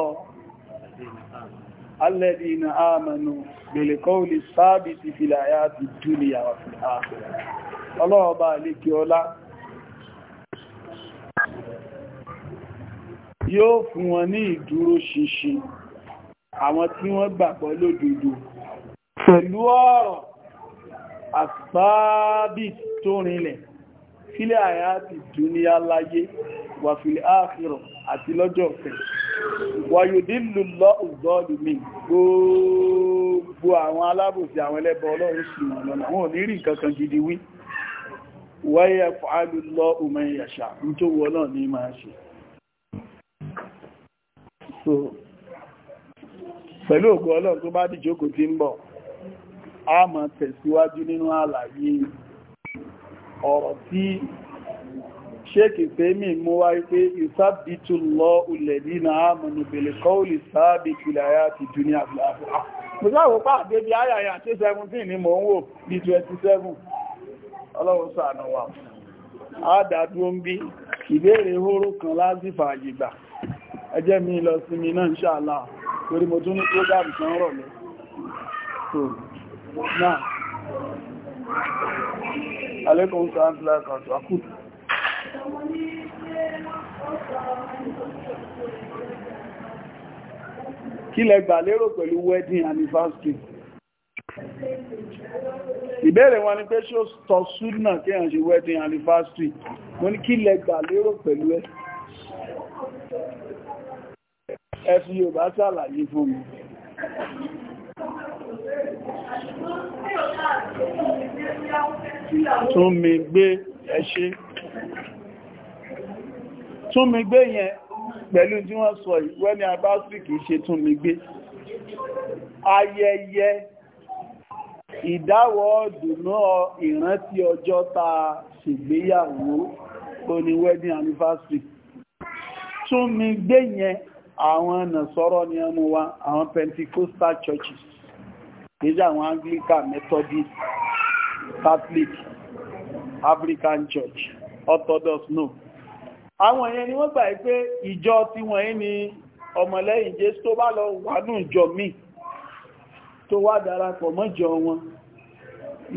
alladhina amanu bil qawli sábìtì fil hayati dunya ọlọ́ọ̀bá àlékí ọlá yóò fún wọn ní ìdúró ṣinṣin àwọn tí wọ́n gbàgbọ́ lódodo pẹ̀lú ọ̀rọ̀ àsáábì tó rinlẹ̀ sílẹ̀ àyá ti dúníyà láyé wà fìlẹ̀ áàfihàn àti lọ́jọ́ ọ̀fẹ́ wàyòdílù lọ ìzọ́ọ̀lù mi gbogbo àwọn alábòsí àwọn ẹlẹ́bọ ọlọ́run sì wọ́n lọ́nà wọn ò ní rí nǹkan kan gidi wí wáyé fàálù lọ ọmọ tó wọ́n náà ní máa ṣe so pẹ̀lú ògùn ọlọ́run tó bá dìjókòó tí ń bọ̀ a ma tẹ̀síwájú nínú àlàyé ọ̀rọ̀ tí ṣéèkì pé mí mú wá pé ìsábìtù lọ ulẹ̀ nínú àmọ̀nù bèlè kọ́ọ̀lì sábìtù láyá ti dúní àfìláfíà mo sáwọ́ pàdé ayàyà ni mo ń wò bí 27 ọlọ́run ṣàánú wa ń bí ìbéèrè hóró kan láti àyígbà ẹjẹ́ mi lọ sí mi náà ṣàlá torí mo tún ní program kan rọ̀lẹ́ so kí lẹ gbà lérò pẹ̀lú wedding ìbéèrè wọn ni pé ṣó tọ́ súnà kí à ń ṣe wedding anniversary wọ́n ní kí lẹ gbà lérò pẹ̀lú ẹ ẹ fi Yorùbá ṣàlàyé fún mi tún mi gbé ẹ ṣé tún mi gbé yẹn pẹ̀lú tí wọ́n sọ ìwẹ́ ní abásíkì ṣe tún mi gbé ayẹyẹ ìdáwọ́ dùnú ìrántí ọjọ́ ta ṣègbéyàwó oní wedding anniversary tún mi gbé yẹn àwọn nàṣọ́rọ̀ ni ẹmu wa àwọn Pentecostal churches kìí àwọn Anglican Methodist Catholic African Church Orthodox no àwọn yẹn ni wọ́n gbà pé ìjọ tiwọn yìí ni ọmọlẹ́yìn Jésù tó bá lọ wà nù ìjọ míì tó wá darapọ̀ mọ́jọ wọn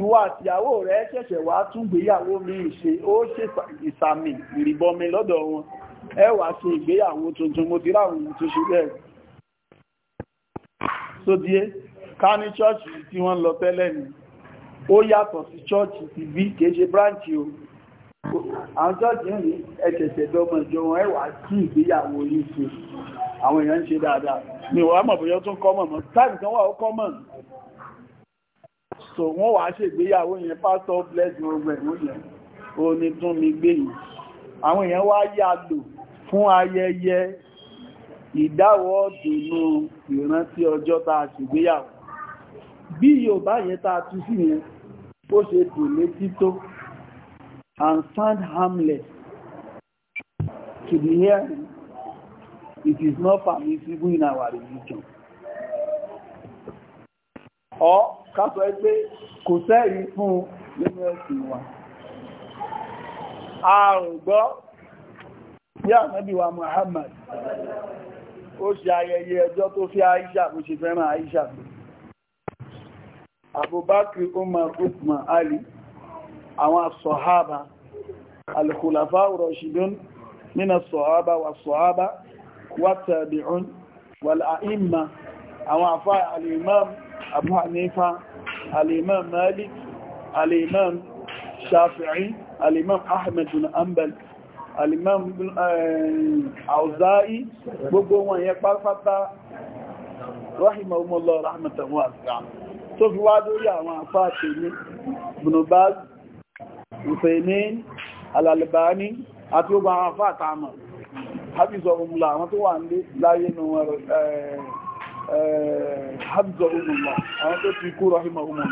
ìwà àtìyàwó rẹ̀ ṣẹ̀ṣẹ̀ wá tún gbéyàwó mi ṣe ó ṣe ìsàmì ìrìbọmi lọ́dọ̀ wọn ẹ wá ṣe ìgbéyàwó tuntun mo ti ráwọn ohun tó ṣe bẹ́ẹ̀ so díẹ̀ e, ká church ṣọ́ọ̀ṣì tí wọ́n lọ tẹ́lẹ̀ ni ó yàtọ̀ sí ṣọ́ọ̀ṣì ti bí kìí ṣe bráǹkì o àwọn ṣọ́ọ̀ṣì ń rí ẹ̀ṣẹ̀ṣẹ̀ dọ́mọ̀ ìjọ wọn ẹ wá sí ìgbéyàwó yìí ṣe àwọn èèyàn ń ṣe dáadáa mi wà mọ̀ bóyá tún kọ́mọ̀ mọ̀ táìmì kan wà ó kọ́mọ̀ so wọ́n wà á ṣègbéyàwó yẹn pásọ̀ blessing ogun ẹ̀wọ̀n yẹn ó ní tún mi gbé yìí àwọn èèyàn wá yà lò fún ayẹyẹ ìdáwọ́ dùnú ìrántí ọjọ́ tá a ṣègbéyàwó bí Yorùbá yẹn tá a tú sí yẹn ó ṣe dùn létí tó and sound harmless to the hearing It is not permissible in our religion. Or ká sọ ẹ pé kò sẹ́rí fún nínú ẹ̀sìn wa. A ò gbọ́ bí ànábì wa Muhammad ó ṣe ayẹyẹ ọjọ́ tó fi Aisha bó ṣe fẹ́ràn Aisha tó. Abubakar Umar Uthman Ali àwọn sọ̀hábà al-khulafa ar-rashidun nínú sọ̀hábà wà sọ̀hábà wàtàbíun wàl'a'imma àwọn àfá al'imam abu hanifa al'imam malik al'imam shafi'i al'imam ahmed bin ambal al'imam auza'i gbogbo wọn yẹ pápátá rahimahumullah rahmatan wasi'a tó fi wá dórí àwọn àfá àtẹ̀lé bùnúbáz ìfẹ̀ẹ́ní alàlìbáni àti ogun àwọn àfá àtàmà hábìzọ̀ òmùlà àwọn tó wà nílé láyé nù hábìzọ̀ òmùlà àwọn tó ti kú rọ́hìmọ̀ òmùlà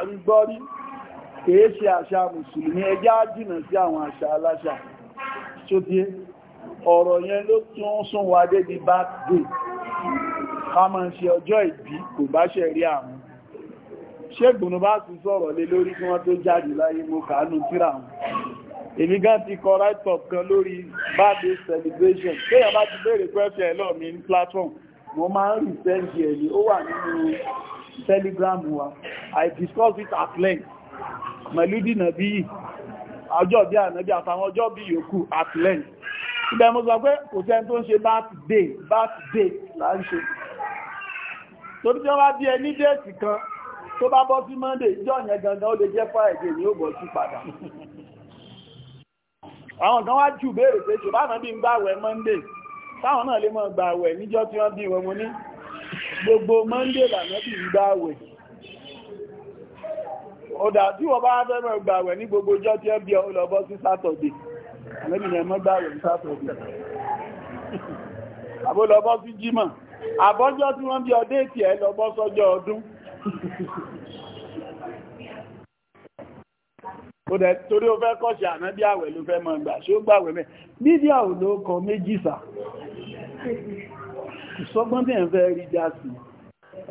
àrígbọ́rí kìí ṣe àṣà mùsùlùmí ẹjá jìnà sí àwọn àṣà aláṣà tó dé ọ̀rọ̀ yẹn ló tún sún wa débi birthday ká ma ń ṣe ọjọ́ èmi gan ti kọ right up kan lórí birthday celebration kéèyàn bá ti béèrè question ẹ̀ lọ́ọ̀ mi ní platform mo máa ń rìn sẹ́ǹdì ẹ̀ ní ó wà nínú telegram wa i discuss it at length mẹ̀lúdì nàbí ọjọ́ bí ànàbí àtàwọn ọjọ́ bí yòókù at length ibẹ̀ mo sọ pé kò sẹ́ni tó ń ṣe birthday birthday là ń ṣe torí tí wọ́n bá bí ẹ ní déètì kan tó bá bọ́ sí monday ìjọ́ yẹn gangan ó lè jẹ́ friday ni ó bọ́ sí padà àwọn kan wá jù béèrè pé ṣe báwọn bí ń gbàwẹ̀ monday táwọn náà lè mọ́ gbàwẹ̀ níjọ́ tí wọ́n bí wọn mo ní gbogbo monday lànà bí ń gbàwẹ̀ ọ̀dà tí wọ́n bá fẹ́ mọ́ gbàwẹ̀ ní gbogbo ọjọ́ tí wọ́n bí ọ lọ bọ́ sí saturday lẹ́bìnrin mọ́ gbàwẹ̀ ní saturday àbó lọ bọ́ sí jímọ̀ àbọ́jọ́ tí wọ́n bí ọdẹ́ ìtì ẹ̀ lọ bọ́ sọ́jọ́ ọdún ó dẹ̀ torí ó fẹ́ kọ́ṣẹ́ àná bí àwẹ̀ ló fẹ́ mọ́ ìgbà ṣe ó gbàwẹ̀ mẹ́ bídí àwò ló kọ méjì sà sọ́gbọ́n tí ẹ̀ fẹ́ rí já sí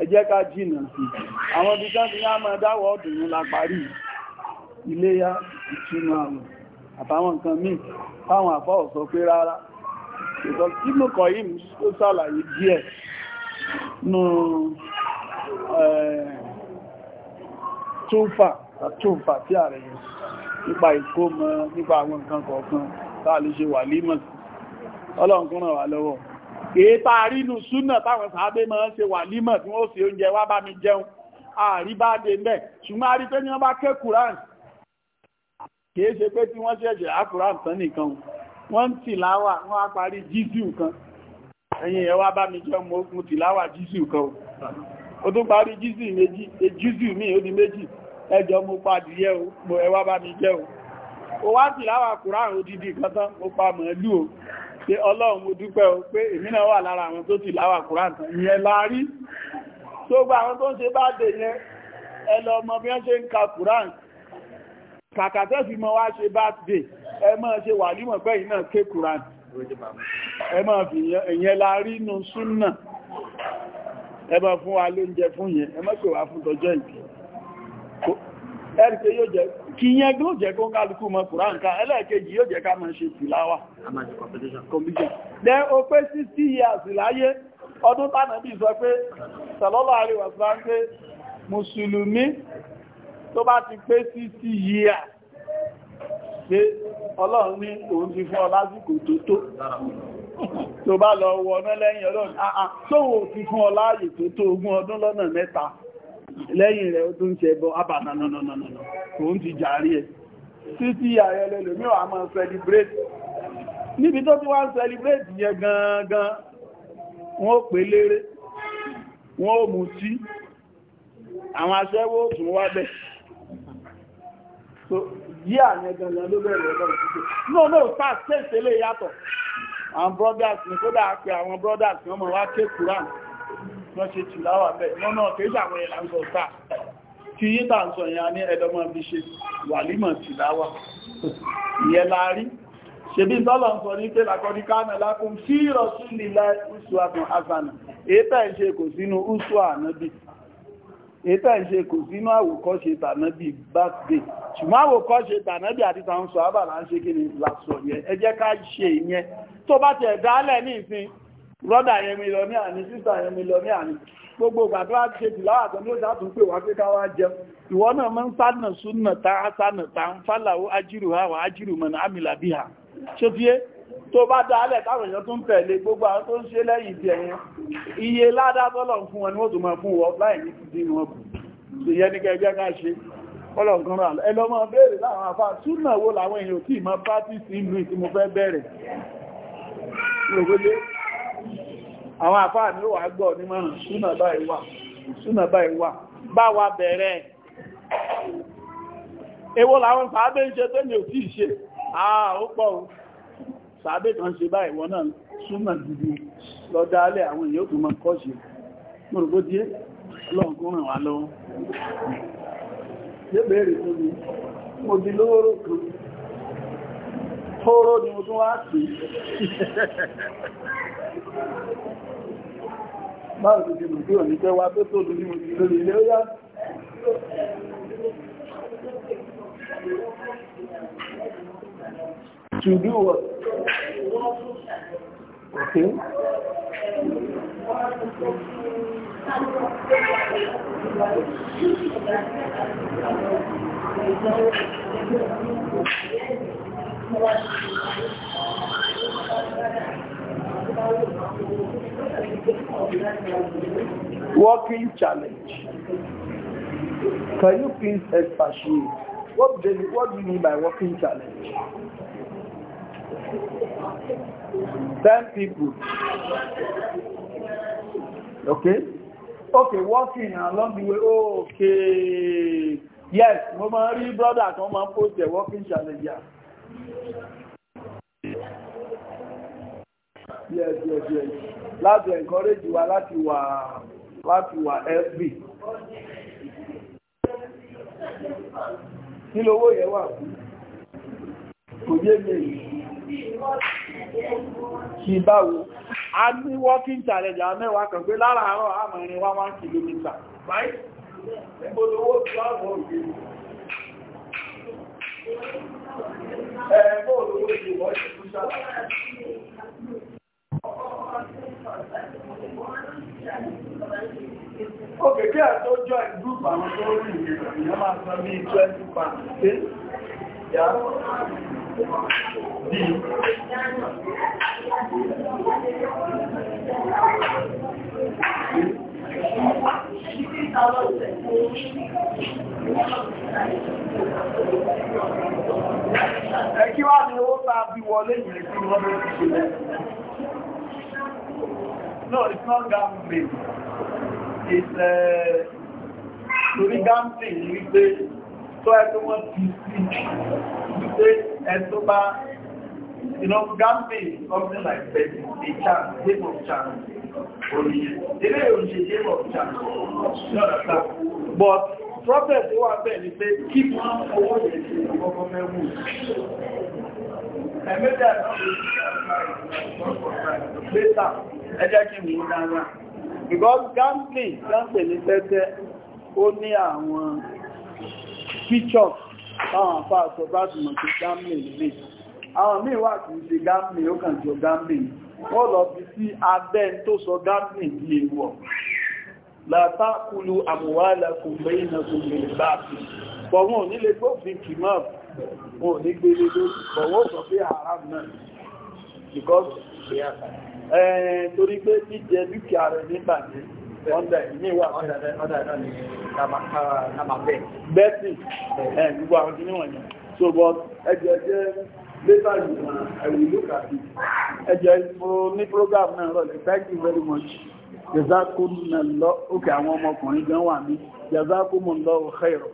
ẹ jẹ́ ká jìnà sí àwọn ibi tán ti ní àmọ́ dáwọ̀ ọdún la parí iléyá ìtúnu àwọ̀ àtàwọn nǹkan míì táwọn àfá ò sọ pé rárá ìtọ́ tí mo kọ̀ yìí ó ṣàlàyé díẹ̀ nù túfà àtúnfà tí ààrẹ yìí nípa ìkómọ nípa àwọn nǹkan kọ̀ọ̀kan táà lè ṣe wà límọ̀ ọlọ́run kún ràn wá lọ́wọ́ èépa àrínú súnà táwọn sàábé máa ń ṣe wà límọ̀ tí wọ́n fi oúnjẹ wá bá mi jẹun àrí bá dé mẹ́ ṣùgbọ́n a rí pé ní wọ́n bá ké kùrán kìí ṣe pé tí wọ́n ṣẹ̀ṣẹ̀ á kùrán tán nìkan wọ́n ń tìláwà wọ́n á parí jísù kan ẹ̀yìn ẹ̀ wá bá mi jẹun mo tìláwà jísù kan o tó parí jísù méjì jísù míì ó di méjì ẹjọ́ mo padìyẹ o ẹwà bá mi jẹ́ o o wá sí láwà kùránù dídì kọ́tán mo pa mọ̀ọ́lú o pé ọlọ́run mo dúpẹ́ o pé èmi wà lára àwọn tó ti láwà kùránù ìyẹn la rí tó gba àwọn tó ń ṣe bá dè yẹn ẹ lọ mọ bí wọ́n ṣe ń ka kùránù kàkà tẹ́ fi mọ wá ṣe bá dè ẹ mọ́ ṣe wà nímọ̀ pé yìí náà ké kùránù ẹ mọ́ fi ìyẹn la rí nu súnà ẹ mọ́ fún wa lóúnjẹ fún yẹn ẹ pè wá fún tọjọ́ ìbí ẹ̀rìkẹ́ yóò jẹ́ kí yẹn ló jẹ́ kó kálukú mọ kùrán ká ẹlẹ́ẹ̀kejì yóò jẹ́ ká mọ̀ ṣe tìláwà competition then o pé 60 years láyé ọdún tánà bí sọ pé sallallahu alaihi wasallam pé mùsùlùmí tó bá ti pé 60 years pé ọlọ́run ní òun ti fún ọ lásìkò lọ wọ ọ̀nà lẹ́yìn ọlọ́run àà tó wò ti fún ọ tó tó ogún ọdún lọ́nà mẹ́ta lẹ́yìn rẹ̀ ó tún ṣe bọ́ abàtà ah, nananana kò ń ti jàrí ẹ̀ títí ààrẹ lẹ́lòmí ọ̀ àmọ́ celebrate níbi tó ti wá ń celebrate yẹn gangan wọ́n pè léré wọ́n ó mú tí àwọn aṣẹ́wó tún wá bẹ̀ so yí àyẹ gangan ló bẹ̀rẹ̀ ẹ̀kọ́ ìsìnkú no àwọn brothers ní kódà pé àwọn brothers wọ́n mọ̀ wá ké Kùránì wọ́n ṣe tìláwà bẹ̀ wọ́n náà kéjà àwọn ìlànà ọ̀tá tí yíta ń sọ ìyá ní ẹ̀dọ́mọ́ bí ṣe wàlímọ̀ tìláwà ìyẹ́ láàrí ṣebí tọ́lọ̀ ń sọ ní pé làkọ́dí káàmà lákún sí ìrọ̀sí lílá ìṣúwà fún hasana ètà ìṣe kò sínú ìṣúwà ànábì ètà ìṣe kò sínú àwòkọ́ṣe tànábì bákdé ṣùgbọ́n àwòkọ́ṣe tànábì àti tàún sọ àbàlá ń ṣe kí ni lásọ yẹn ẹ jẹ́ ká ṣe ìyẹn tó bá brọ́dà yẹn mi lọ ní àní sísà yẹn mi lọ ní àní gbogbo gbàdúrà ṣe jù láwà tó ní ó sàtún pé wá pé ká wá jẹun ìwọ náà máa ń sánà súnà tá a sánà tá ń fàlàwó ajírù ha wà ajírù mọ̀nà àmìlà bí ha ṣé tiye tó bá dá alẹ̀ káwọn èèyàn tó ń tẹ̀lé gbogbo àwọn tó ń ṣe lẹ́yìn ti ẹ̀yẹn iye ládàá tọ́lọ̀ fún wọn ni wọ́n tó máa fún wọn láì ní ti dín wọn kù ìyẹn ní kẹjẹ́ ká ṣe ọlọ́nkan rà ẹlọ́mọ béèrè láwọn àfáà súnà wo làwọn èèyàn tí ìmọ̀ pátìsì ìlú ìtí mo fẹ́ bẹ̀rẹ̀ àwọn àfáà ní wà gbọ́ ní márùn súnà báyìí wà súnà báyìí wà bá wa bẹ̀rẹ̀ èwo làwọn sàábé ń ṣe tẹ́lẹ̀ òtí ìṣe àà ó pọ̀ sàábé kan ṣe báyìí wọ́n náà súnà gidi lọ dálẹ̀ àwọn èèyàn tó mọ́ kọ́ ṣe mọ́rùgbó díẹ̀ lọ́nkún ràn wá lọ́wọ́ yẹ́ ni mo tún wá sí báwo ti ti lùdí òní jẹ́ wa tó tó lù ní lórí ilé ó yá to do what okay Thank you. Walking challenge. Can you please expatiate? What do you, what do you mean by walking challenge? Ten people. Okay? Okay, walking along the way. Okay. Yes, mo brother kan máa post a walking challenge. Yeah. Yes yes yes láti encourage wa láti wà láti wà fb kí lówó yẹn wà fún kò yé mi kí báwo a ní walking challenge a mẹ́wàá kan pé lára àárọ̀ àmọ́ ìrìn wá kìlómítà right? níbo lówó tí wá bọ̀ òkè Òkè kí àtó jọ ìgbúpa àwọn tó rí ìyẹn máa sọ bí 20 pounds. Yàá bí. Ẹ kí wá ní owó bá bí wọlé ìrìnkú lọ́dún ìṣẹ̀lẹ̀. No, it's not gambling. It's uh, to be gambling ní wípé tó ẹgbẹ́ wọ́n ti sí and so far, you know gambling is something like betting a chance game of chance oríyẹ òṣè game of chance not but prophet wà bẹ́ẹ̀ ni pé kí wọ́n owó yẹn ọkọ̀ mẹ́wùú ẹ̀mẹ́ta ẹ̀mẹ́ta ẹjẹ́ kí mú dára because gambling gambling ní tẹ́tẹ́ ó ní àwọn features táwọn afá àtọ́bátìmọ̀ ti gambling ní àwọn míì wà kìí ṣe gambling ó kàn jọ gambling wọ́n lọ fi sí abẹ́ tó sọ gambling bí ewọ̀ látàkùlù àmúwálẹ̀kùn bẹ́yìnà kùnlẹ̀ bá fi wọn ò ní gbé lé lórí bọ̀wọ́ sọ pé haram náà because torí pé jíjẹ dúkìá rẹ̀ nígbà ní ọ̀dà ìní wà ọ̀dà náà ní kàmàkàmàbẹ̀ bẹ́ẹ̀sì ẹ̀ gbogbo àwọn kìnnìwọ̀n yẹn so but ẹjẹ́ jẹ́ later you uh, I will look at it. Ẹjẹ́ mo ní program náà rọ̀lẹ̀. Thank you very much. Jazakumullahu, okay, àwọn ọmọkùnrin gan wà ní. Jazakumullahu khairan.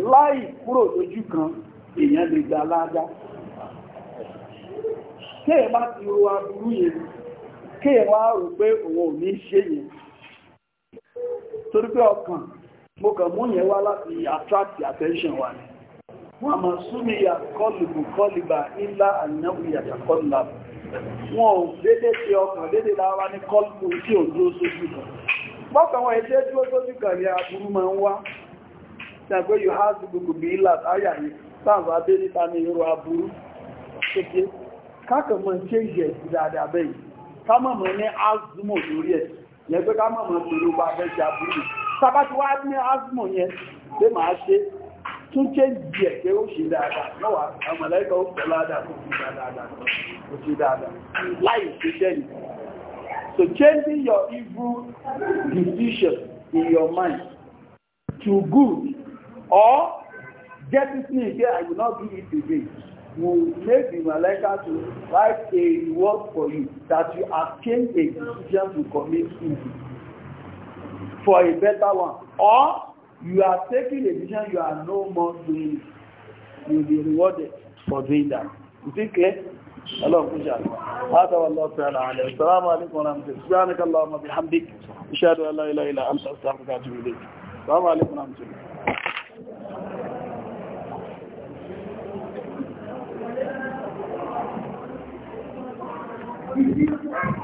láì kúrò lójú kan èèyàn lè gbà láàdá kéè bá ti ro aburú yẹn kéè wá rò pé òun ò ní ṣe yẹn torí pé ọkàn mo kàn mú yẹn wá láti attract attention wa ni wọ́n mọ̀ súnmi àkọlùkù kọlùbà ńlá àyìnàwó ìyàjà kọlùbà wọn ò dédé ṣe ọkàn dédé láwá ní kọlùkù tí ò dúró sójú kan mọ́kànwọ́ ẹ̀ṣẹ́ dúró sójú kan ní aburú máa ń wá ṣàgbé yóò há sí gbogbo bí ilá táyà yìí sáàbà dé níta ní irú aburú kéke kákàmọ̀ ṣe ìṣẹ̀ ìdáadáa bẹ́ẹ̀ kámọ̀mọ̀ ní azmo lórí ẹ̀ yẹn pé kámọ̀mọ̀ pẹ̀lú bá fẹ́ ṣe aburú sábàtí wá ní azmo yẹn pé màá ṣe tún ṣe ìdí pé ó ṣe dáadáa lọ́wọ́ àmọ̀lẹ́kọ̀ So changing your evil decision in your mind to good Or get me here I will not give it again. Will make the Malaika to write a reward for you that you obtained a decision to commit sin for a better one. Or you are taking a decision you are no more doing it. You will be rewarded for doing that. Is it clear? الله مجعل هذا والله تعالى عليه السلام عليكم ورحمة الله سبحانك اللهم وبحمدك أشهد أن لا إله إلا أنت أستغفرك وأتوب إليك السلام عليكم ورحمة الله Thank you.